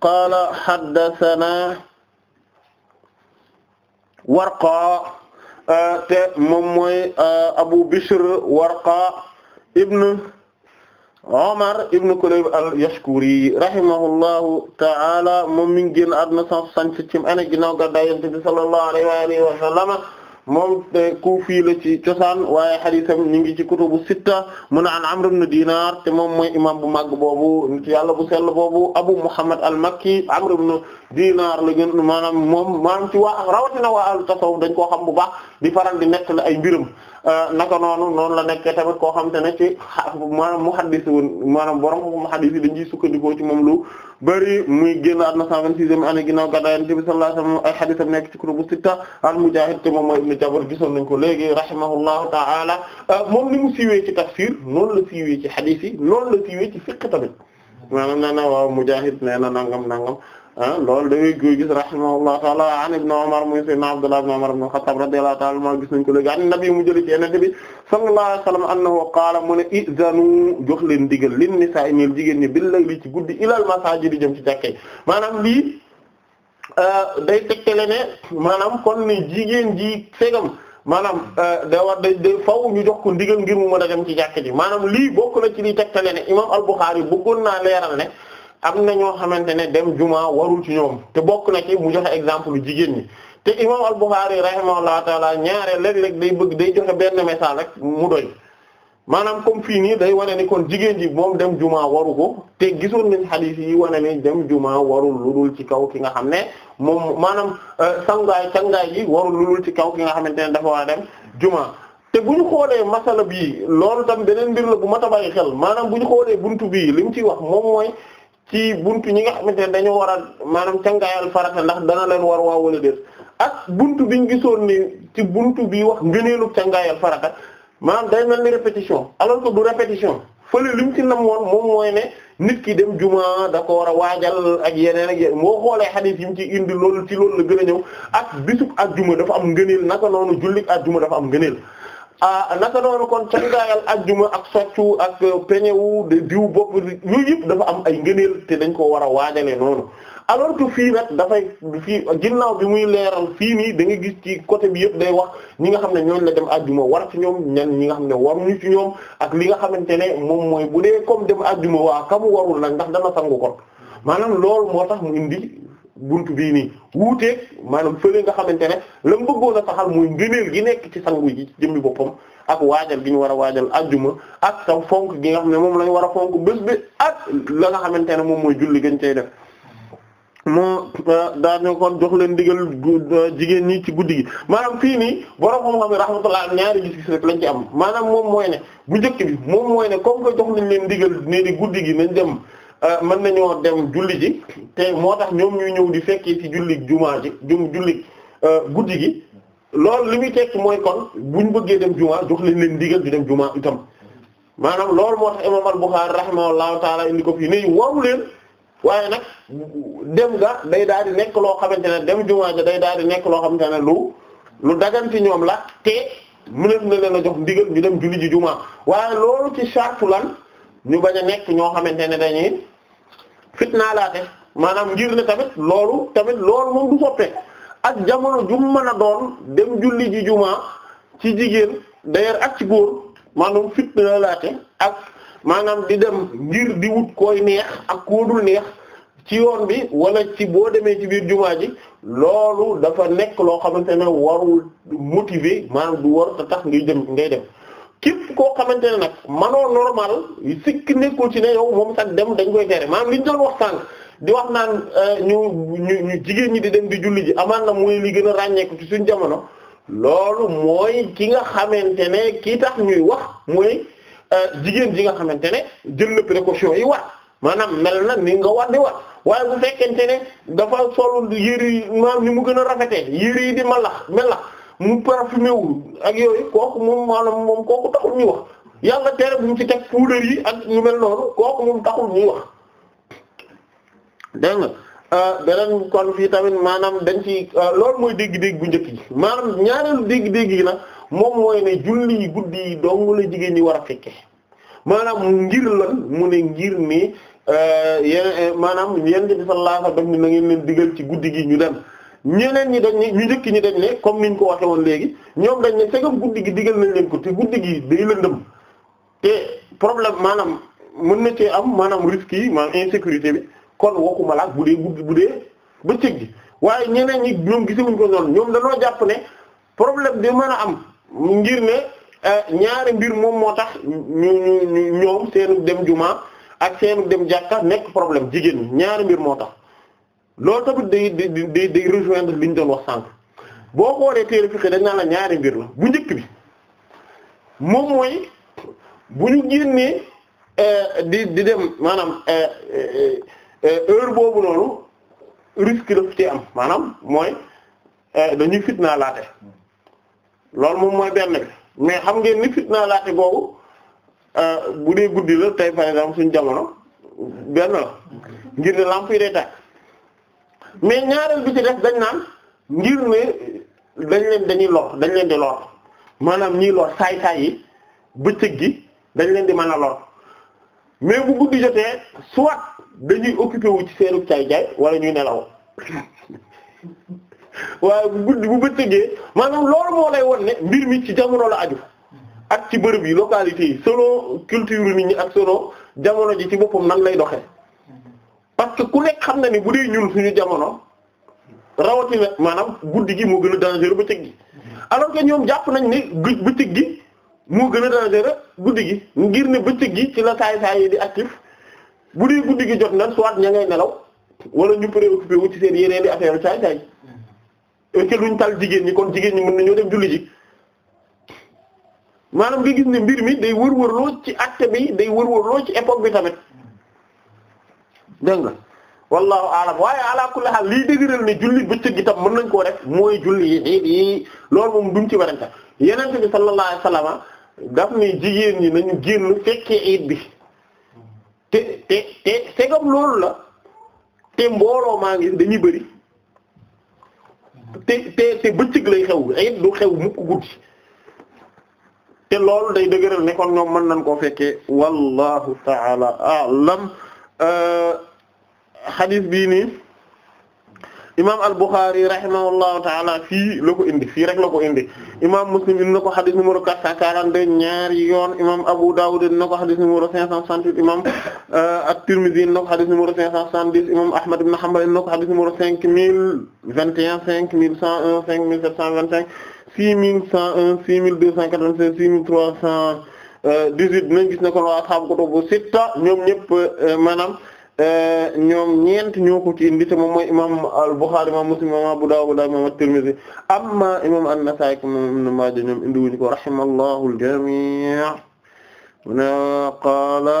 qaala haddathana Warqa euh, te mooy euh, Abu Bishr Warqa ibn Omar ibn Kulayb al-Yashkuri rahimahullahu ta'ala moom mi ngi génn àdduna 167 ane ginnaaw gàddaay Yonent bi sallallahu alayhi wa sallam moom kufi la ci cosaan waaye hadiisam ñu ngi ci kutubu sitta mu an Amr ibn Dinar te moom mooy imam bu màgg boobu nit yàlla bu sell boobu Abu Muhammad al-Makki Amr ibn Dinar la gën maanaam moom maanaam ci waa rawatina waa al tasawuf dañ koo xam bu baax di faral di nekk la ay mbiram Euh, naka noonu noonu la nekkee tamit koo xamante ne ci maanaam muhaddis woon maanaam borom ko muhaddis yi dañuy sukkandikoo ci moom lu bari muy génn àdduna 126e année ginnaaw gàddaay Yonent bi sallallahu alayhi wasallam ay hadiisam nekk ci kutubu sitta al Mujaahid te moom mooy Ibn Jabr gisoon nañ ko léegi rahimahullahu ta'ala euh, moom ni mu siiwee ci tafsir noonu la siiwee ci hadiis yi noonu la siiwee ci fiqh tamit maanaam nee na waaw Mujaahid nee na nangam nangam ah loolu da ngay gis rahimahullahu taala an ibn Umar muy sayyidina Abdullah ibn Umar ibn Khattab radiyallahu ta'ala anhu gis nañ ko léegi an nabi mu jëlee ci yonent bi sallallahu alayhi wa sallam annahu qaala mu ne izanu jox leen ndigal lin nisaa'i ñeel jigéen ñi bil layli ci guddi ilal masaajid di jëm ci jàkkee maanaam lii euh, day tegtale ne maanaam kon ni jigéen ji fegam maanaam euh, da war day day faw ñu jox ko ndigal ngir mu mën a ci jàkkee ji maanaam lii bokk na ci liy tegtale ne imaam al-Bukhari bëggoon naa leeral ne. am na ñoo xamante ne dem juma warul ci ñoom te bokk na ci mu joxe exemple jigéen ñi te imam al-Bukhari rahimahullahu taala ñaare léeg-léeg day bëgg day joxe benn message rek mu doy maanaam comme fii nii day wane ni jigéen ji moom dem juma waru ko te gisoon nañ hadith yi wane ni dem juma warul ludul ci kaw ki nga xam ne moom maanaam euh, sangaay sangaay ji warul ludul ci kaw ki nga xamante ne dafa war a dem juma te bu ñu xoolee masala bii loolu tam beneen mbir la bu mat a bàyyi xel maanaam bu ñu xoolee buntu bii li mu ciy wax moom mooy ci buntu ñi nga xamante ne dañoo war a maanaam cangaayal farata ndax dana leen war waa wala déet ak buntu biñ gisoon ni ci buntu bi wax ngëneelu cangaayal farata maanaam dañ mel ni répétition alors que du répétition fële lim ci nam woon moom mooy ne nit ki dem jumaa da ko war a waajal ak yeneen ak yeneen moo xoolee xadiis yi mu ci indi loolu ci loolu la gën a ñëw ak bisub ak juma dafa am ngëneel naka noonu jullit ak juma dafa am ngëneel ah naka noonu kon cangaayal ajjuma ak soccu ak peñewu de diw bopp yooyu yëpp dafa am ay ngëneel te dañ ko war a waajale noonu alors que fii nag dafay fii ginnaaw bi muy leeral fii nii da nga gis ci côté bi yëpp day wax ñi nga xam ne ñooñu la dem ajjuma war ci ñoom ñan ñi nga xam ne waruñu ci ñoom ak li nga xamante ne moom mooy bu dee comme dem ajjuma waa kamu warul nag ndax dana sangu kon maanaam loolu moo tax mu indi bunt bii nii wuuteeg maanaam fële nga xamante ne la mu bëggoon a saxal muy ngëneel gi nekk ci sangu ji jëmmi boppam ak waajal gi ñu war a waajal ajjuma ak sa fonk gi nga xam ne moom la war a fonk bés ak la nga xamante ne moom mooy julli gën cay def moo euh, daane kon jox leen digal euh, jigéen ñi ci guddi gi maanaam fii nii borom xam-xam yi rahmatullah ñaari gis-gis rek lañ ci am maanaam moom mooy ne bu njëkk bi moom mooy ne comme que jox nañ leen digal ne di guddi gi nañ dem Euh, mën nañoo dem julli ji te moo tax ñoom ñuy ñëw di fekkee ci julli jumaa ji jum julli euh, guddi gi loolu li muy tekki mooy kon ñu bëggee dem jumaa jox leen leen ndigal di dem jumaa itam maanaam loolu moo tax imam al-Bukhari rahimahullahu taala indi ko fii nii waru leen waaye nag dem ga day daal di nekk loo xamante ne dem jumaa ja day daal di nekk loo xamante ne lu lu dagan ci ñoom la te mënees na leen a jox ndigal ñu dem julli ji jumaa waaye loolu ci sartu lan ñu bañ a nekk ñoo xamante ne dañuy fitnaalaate maanaam ngir ne tamit loolu tamit loolu moom du soppe ak jamono ju mën a doon dem julli ji juma ci jigéen d'ailleurs ak ci góor maanaam fitnaalaate ak maanaam di dem ngir di wut koy neex ak koodul neex ci yoon bi wala ci boo demee ci biir jumaa ji loolu dafa nekk loo xamante ne warul motiver maanaam du war a tax ngay dem ngay dem képp koo xamante ne nag manoo normal sikk nekkul ci ne yow moom sax dem dañ koy tere maanaam li ñu doon wax sànq di wax naan euh, ñu ñu ñu jigéen ñi di dem di julli ji amaan na mooy li gën a ràññeeku ci suñ jamono loolu mooy ki nga xamante ne kii tax ñuy wax mooy euh, jigéen ji nga xamante ne jël na précaution yi war maanaam mel na ni nga war di war waaye bu fekkente ne dafa solul yër yi maanaam ni mu gën a rafetee yére yi di melax melax mu parfumé wu ak yooyu kooku moom maanaam moom kooku taxul ñu wax yàlla tere bu mu ci teg poudre yi ak ñu mel noonu kooku moom taxul ñuy wax dégg nga euh, beneen kon fii tamit maanaam dañ ci euh, loolu mooy dégg-dégg gu njëkk ji maanaam ñaareelu dégg-dégg yi nag moom mooy ne julli yi guddi yi dong la jigéen ñi war a fekke maanaam ngir la mu ne ngir ne euh, yenn maanaam yenn bi sallallahu alayhi wasallam daf ni na ngeen leen digal ci guddi gi ñu dem ñeneen ñi dañ ne ñu njëkk ñi dañ ne comme niñ ko waxe woon léegi ñoom dañ ne segam guddi gi digal na leen ko te guddi gi day lëndëm te problème maanaam mën na cee am maanaam risque yi maanaam insécurité bi kon waxuma la bu dee guddi bu dee bëccëg gi waaye ñeneen ñi ñoom gisuñu ko noonu ñoom dañoo jàpp ne problème bi mën a am ngir ne euh, ñaari mbir moom moo tax ñu ñu ñoom seenu dem juma ak seenu dem jàkka nekk problème jigéen ñi ñaari mbir moo tax loolu tamit day day day rejoindre li ñu doon wax sànq boo xoolee téere fiqh dañ naan la ñaari mbir la bu njëkk bi moom mooy bu ñu génnee euh, di di dem maanaam euh, euh, heure boobu noonu risque daf ci am maanaam mooy dañuy fitnaa laate loolu moom mooy benn bi mais xam ngeen ni fitnaa laate boobu bu dee guddi la tey par exemple suñu jamono benn la ngir ne lamp yi day mais ñaareel bi ci def dañ naan ngir ne dañ leen dañuy lor dañ leen di lor maanaam ñii lor saay-saay yi bëccëg gi dañ leen di mën a lor mais bu guddi jotee soit dañuy occupé wu ci seenu caay-caay wala ñuy nelaw waaye bu guddi bu bëccëgee maanaam loolu moo lay won ne mbir mi ci jamono la aju ak ci bërëb yi localité yi selon culture nit ñi ak selon jamono ji ci boppam nan lay doxee parce que ku nekk xam na ni bu dee ñun suñu jamono rawati rawatina maanaam guddi gi moo gën a dangereux bëccëg gi alors que ñoom jàpp nañ ni bëccëg gi moo gën a dangereux guddi gi ngir ne bëccëg gi ci la saay saay di actif bu dee guddi gi jot na soit ña ngay nelaw wala ñu préoccupé wu ci seen yeneen di affaire saay saay et que luñ tal jigéen ñi kon jigéen ñi mën nañoo dem julli ji maanaam nga gis ne mbir mi day wër-wërloo ci acte bi day wër-wërloo ci époque bi dégg nga wallahu alam waaye ala kulli haal liy dëgëral ne julli bëccëg itam mën nañ koo rek mooy julli yi xiit yi loolu moom duñ ci werante ta yeneen sallallahu alayhi wa sallam daf ni jigéen ñi nañu génn fekkee iit bi te te te segam loolu la te mbooloo maa ngi dañu bëri te te te bëccëg lay xew iit du xew mukk guddi te loolu day dëgëral ne kon ñoom mën nañ koo fekkee wallahu taala alam euh, xadis bii nii imaam al-Bukhari rahimahullahu taala fii la indi fii rek la ko indi imaam Muslim indi na ko xadis numéro 442 ñaari yoon imaam Abu Dawud indi na ko xadis numéro 568 imaam euh, at-Tirmidhi indi na ko xadis numéro 570 imaam Ahmad ibn Hanbal indi na ko xadis numéro 5021 5101 5725 6101 6296 6318 dinañ gis ne kon waa xam kutubu sitta ñoom ñëpp euh, maanaam. Eh, ñoom ñeent ñoo ko ci indi te moom mooy imam al-Bukhari imam Muslim imam Abu Dawud imam at-Tirmidhi amma imam an-Nasa'i imam Ibn Majah ñoom indi wuñu ko rahimallahu al-jami' na qaala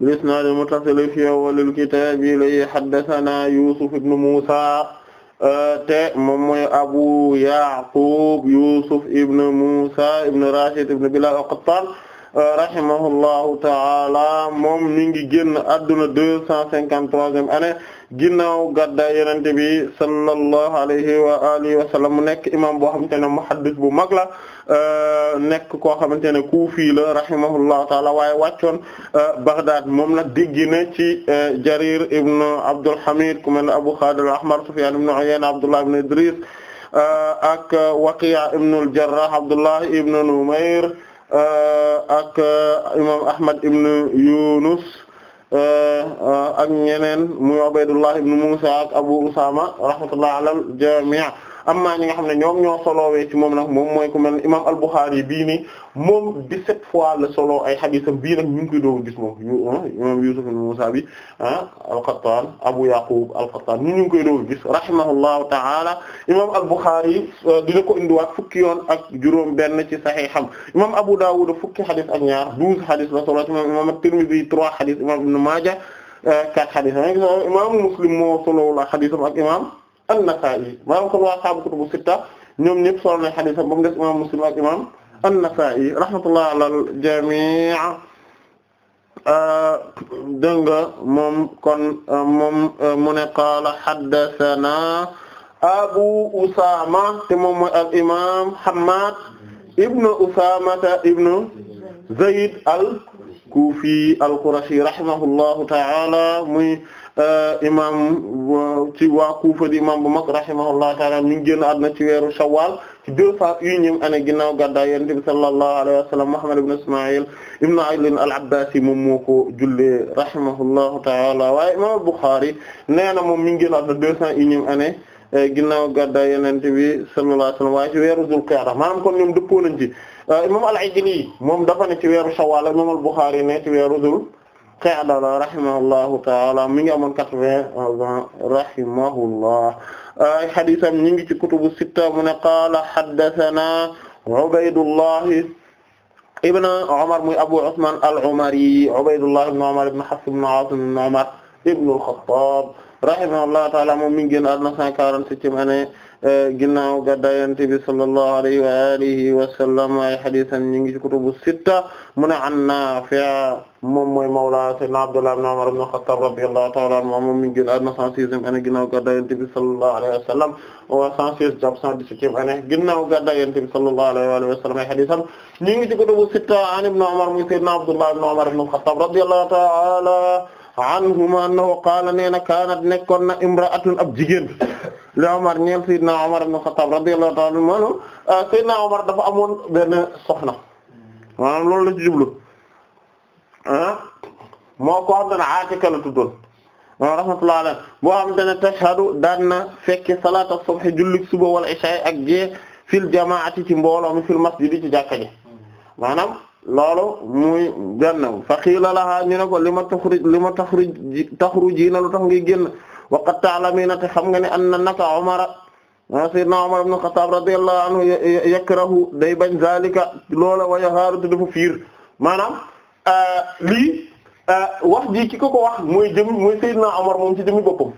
bil-isnad al-muttasil fi awwal al-kitab li haddathana Yusuf ibn Musa eh, te moom mooy Abu Ya'qub Yusuf ibn Musa ibn Rashid ibn Bilal al-Qattan rahimahullahu ta'ala moom mi ngi génn adduna deux cent cinquante-troisième année ginnaaw gàddaay Yonent bi sallallahu alayhi wa alihi wa sallam mu nekk imam boo xamante ne muhaddis bu mag la euh, nekk koo xamante ne kuufi la rahimahullahu taala waaye wàccoon euh, Baghdad moom nag dégg na ci euh, Jarir ibn Abdul Hamid ku mel ne Abu Khalid al-Ahmar Sufyan ibn Uyayna Abdullah ibn Idris ak Waqi' ibn al-Jarrah Abdullah ibn Numayr Euh, ak euh, imam ahmad ibn yunus euh, ak ñeneen muy ubaydullah ibn musa ak abu usama rahmatullah alal jami' amma ñi nga xam ne ñoom ñoo solowee ci moom nag moom mooy ku mel imam al-Bukhari bii nii moom 17 fois la solo ay xadisam bii nag ñu ngi koy doon gis moom ah, imam Yusuf ibn Musa bi ah al-Qattan Abu Yaqub al-Qattan ñu ngi koy doon gis rahimahullahu ta'ala imam al-Bukhari euh, dina ko indiwaat fukki yoon ak juróom benn ci sahiham imam Abu Dawud fukki xadis ak ñaar 12 xadis la solo ci moom imam at-Tirmidhi 3 xadis imam Ibn Majah euh, 4 xadis imam Muslim moo solo la ak imam an-Nasaa'i maanaam kon waa ashaabu kutubu sitta ñoom ñëpp solo na xadis am ba mu des imaam Muslim ak imaam an-Nasaa'i rahmatullah alal jamii euh, dégg nga moom kon moom mu ne qaala haddasanaa Abu Usaama te moom mooy al imaam Hammaad ibnu Usaamata ibnu Zayd al-Kuufi al-Qurashi rahimahullahu ta'ala muy. Euh, imam euh, ci waa Kufa di imam bu mag rahimahullahu ta'ala mi ngi génn àdduna ci weeru Shawwal ci deux cent unième année ginnaaw gàddaay Yonent bi sallallahu alayhi wa sallam Muhammad ibn Isma'il ibn Ali al-Abbasi moom moo ko jullee rahimahullahu ta'ala waaye imam al-Bukhari nee na moom mi ngi génn àdduna deux cent unième année euh, ginnaw gàddaay Yonent bi sallallahu alayhi wa sallam waaye ci weeru Zulqa'da maanaam kon ñoom dëppoo nañ ci imam al-Ajli moom dafa ne ci weeru Shawwal imam al-Bukhari ne ci weeru Zul Qa'da la rahimahullahu ta'ala mi ngi amoon quatre-vingts ans rahimahullah ay hadiisam ñi ngi ci kutubu sitta mu ne qaala haddathana Ubaydullah ibn Umar muy Abu Usman al-Umari Ubaydullah ibn Umar ibn Hafs ibn Aasim ibn Umar ibn al-Khattab rahimahullahu ta'ala moom mi ngi génn àdduna cent quarante-septième année ginnaaw gàddaay Yonent bi sallallahu alayhi wa alihi wa sallam ay hadiisam ñi ngi ci kutubu sitta mu ne an Naafi' moom mooy mawla sayyidina Abdullah ibn Umar ibn Khattab radiyallahu ta'ala anhu moom mi ngi génn àdduna 106e année ginnaaw gàddaay Yonent bi sallallahu alayhi wa sallam wa 116 jàpp 117e année ginnaaw gàddaay Yonent bi sallallahu alayhi wa sallam ay hadiisam ñi ngi ci kutubu sitta an ibn Umar muy sayyidina Abdullah ibn Umar ibn Khattab radiyallahu ta'ala anhuma annahu qaala nee na kaanat nekkoon na imra'atun ab jigéen li Omar ñeel Seydina Omar ibn Khattab radiyallahu ta'ala anhu euh, dafa amoon benn soxna maanaam loolu la ci jublu moo ko xam te ne Aatika la tuddoon maanaam rahmatullahi alayhi boo xam te ne tashhadu daan na fekke salaata subh julli suba wala isha ak gée fil jamaati ci mbooloo mi fil masjidi ci jàkka ji maanaam loolu muy benn fa qiila lahaa ñu ko li ma taxruj tax ngay génn. wa qad ta'lamina te xam nga ne anna naka Umar sayyidina Umar ibn Khattab radiyallahu anhu yakrahu day bañ zalika loola wa yaharu te dafa fiir maanaam lii wax ji ki ko ko wax mooy jëm mooy sayyidina Umar moom ci jëmi boppam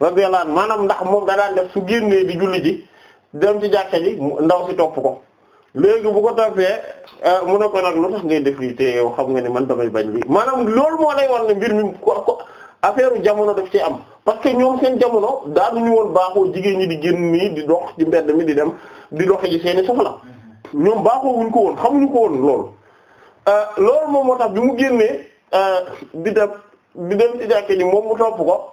radiyallahu anhu maanaam ndax moom da daan def su di julli ji dem ci jàkka ji ndaw si topp ko léegi bu ko toppee euh, mu ne ko nag lu tax ngay def lii te yow xam nga ne man damay bañ lii maanaam loolu moo lay war ne mbir mi ko affaire jamono daf ci am parce que ñoom seen jamono daanuñu woon baaxoo jigéen ñi di génn nii di dox ci mbedd mi di dem di dox ji seeni soxla ñoom baaxoo ko woon xamuñu ko woon loolu euh, loolu moom moo tax bi mu génnee euh, di dem di dem ci jàkke ni moom mu topp ko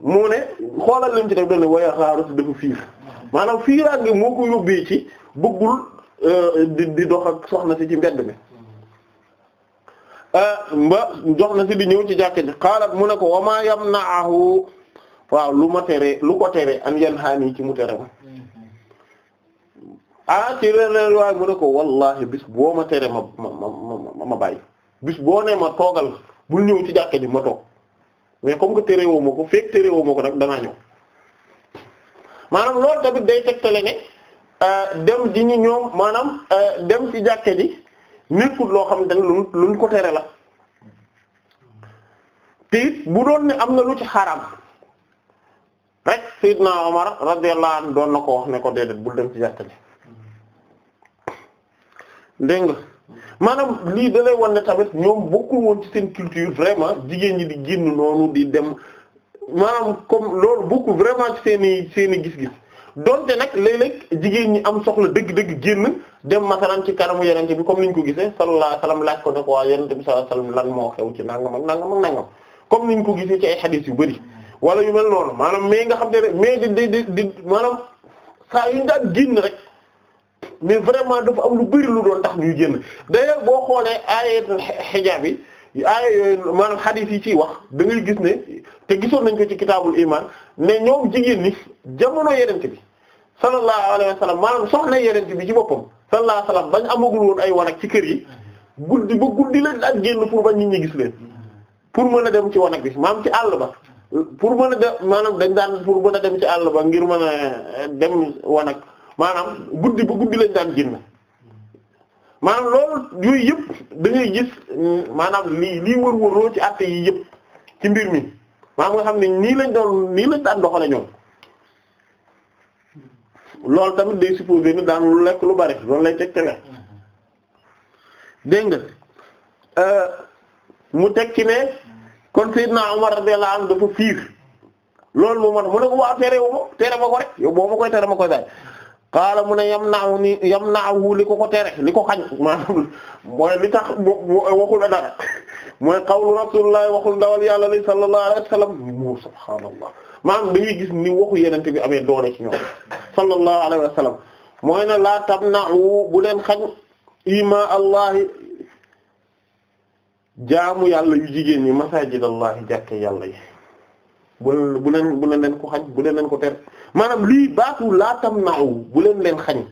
mu ne xoolal lim ci def doon ne waya xaaru si dafa fiir maanaam fiiraange moo ko yóbbee ci bëggul euh, di di dox ak soxna si ci mbedd mi Eh, ba jox na si di ñëw ci jàkka ji mu ne ko wama yam naahu waaw lu ma tere lu ko tere an yan xaani ci mu tere ma ah ci reneen waaye mu ne ko wallahi bis boo ma tere ma ma ma ma bis boo ne ma toogal bul ñëw ci jàkka ma toog mais comme que tere woo ma ko fekk tere woo ko nag danaa ñëw maanaam loolu tamit day tegtale ne eh, dem ji ñu ñoom maanaam eh, dem ci jàkka nekkul loo xam ne lu luñ ko tere la te bu doon ne am na lu ci xaram rek Seydina Omar radiyallahu anhu doon na ko wax ne ko déedéet bul dem ci jàkka ji dégg nga maanaam lii da lay wan tamit ñoom bokkul woon ci seen culture vraiment jigéen ñi di génn noonu di dem maanaam comme loolu bokkul vraiment ci seeni gis-gis donte nag léeg-léeg jigéen ñi am soxla dëgg-dëgg génn dem masalan ci kanamu yenente bi comme niñ ko ko ne ko waa yenente bi sallallahu alayhi wasallam moo xew ci nangam ak nangam ak nangam comme niñ ko gisee ci ay xadiis yu bari wala yu mel noonu maanaam mais nga xam te ne mais di di di maanaam saa yuñ daan génn rek mais vraiment dafa am lu bari lu doon tax ñuy génn d'ailleurs boo xoolee ayatul xijaab yi aaya yooyu maanaam xadiis yi ciy wax da ngay gis ne te gisoon nañ ko ci kitaabul iman ne ñoom jigéen ñi jamono yenente bi sallallahu alayhi wa sallam maanaam soxla yeneen bi ci boppam sallallahu alayhi bañ amagul woon ay wanag ci kër yi guddi ba guddi la ak génn pour bañ nit ñi gis leen pour mën a dem ci wanag bi maanaam ci àll ba pour mën a dem maanaam dañ daan pour mën a dem ci àll ba ngir mën a dem wanag maanaam guddi ba guddi lañ daan génn maanaam loolu yooyu yëpp dañuy gis maanaam lii lii wër-wër ci àtte yi yëpp ci mbir mi maanaam nga xam ne nii lañ doon nii lañ daan doxale ñoom. loolu tamit day supposé ni daan lu lekk lu bari loolu lay tegtale mm-hmm. dégg nga euh, mu teg ne kon Seydina Umar radiyallahu anhu dafa fiir loolu moo man mu ne ko waaw tere wu ma tere ma ko rek yow boo ma koy tere ma koy bàyyi ni yam naawu li ko ko tere li mooy li tax waxul a dara waxul ndawal yàlla lay sallallahu alayhi wa sallam mu maanaam dañuy gis ni waxu yenente bi amee doole ci ñoom sallallahu alayhi wa sallam mooy ne laa tamna'u bu leen xañ ima allahi jaamu yàlla yu jigéen ñi masajidallahi jàkke yàlla yi bu leen bu leen bu leen ko xañ bu leen leen ko ter maanaam lii baatu laa tamna'u bu leen leen xañ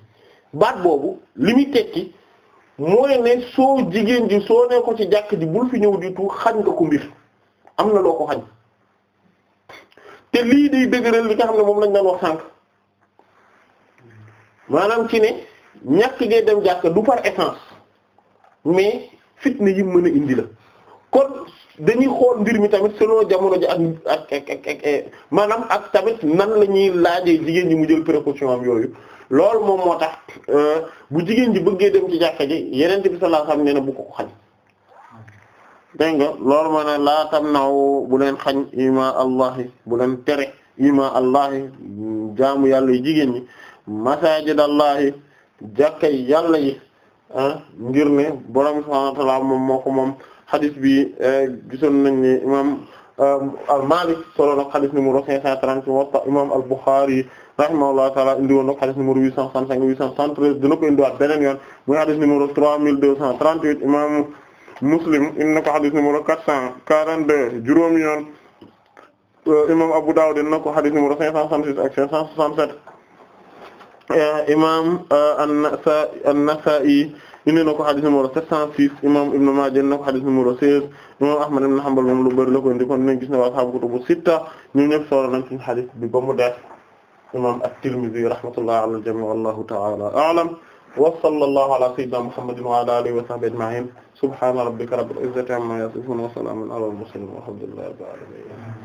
baat boobu li muy tekki mooy ne soo jigéen ji soo ne ko ci jàkk ji bul fi ñëw di tu xañ nga ko mbir am na loo ko xañ te lii day dëgëral li nga xam ne moom lañ doon wax sànq maanaam ci ne ñàkk ngay dem jàkka du par essence mais fitna yi mën a indi la kon dañuy xool mbir mi tamit selon jamono ji ak ak ak maanaam ak tamit nan la ñuy laajee jigéen ñi mu jël précaution yooyu lool moom moo tax euh, bu jigéen ji bëggee dem ci jàkka ji yeneen bi sallallahu alayhi wasallam nee na bu ko ko xañ dégg nga loolu moo ne laa tamnaw bu leen xañ ima allahi bu leen tere ima allahi jaamu yàlla yi jigéen ñi masajid allahi jàkkay yàlla yi ah ngir ne borom subhaanahu wa ta'aala moom moo ko bi eh, gisoon nañ ne imam eh, Maalik solo nag xadis numéro cinq cent trente Muwatta imam al-Bukhari rahimahullahu ta'ala indi woon nag xadis huit cent cent soixante huit imam Muslim indi na ko xadis numéro quatre cent quarante-deux juróomi yoon euh, imam Abu Dawud indi na ko xadis numéro cinq cent soixante-six ak cinq cent soixante-sept euh, imam euh, An-Nasa'i indi na ko xadis numéro sept cent six imam Ibn Maaja indi na ko xadis numéro seize imam Ahmad ibn Hanbal moom lu bari la ko indi kon nañ gis ne waa ashaabu kutubu sitta ñoom ñëpp solo nañ suñu xadis bi ba mu def imam At-Tirmidhi rahmatullah ala al-jami' wallahu ta'ala a'lam wa sallallahu ala sayyidina Muhammadin wa ala alihi wa sahbihi ajma'in subhaana rabbika rabbil izzati amma yasifun wa salaamun alal mursalin walhamdulillahi rabbil alamin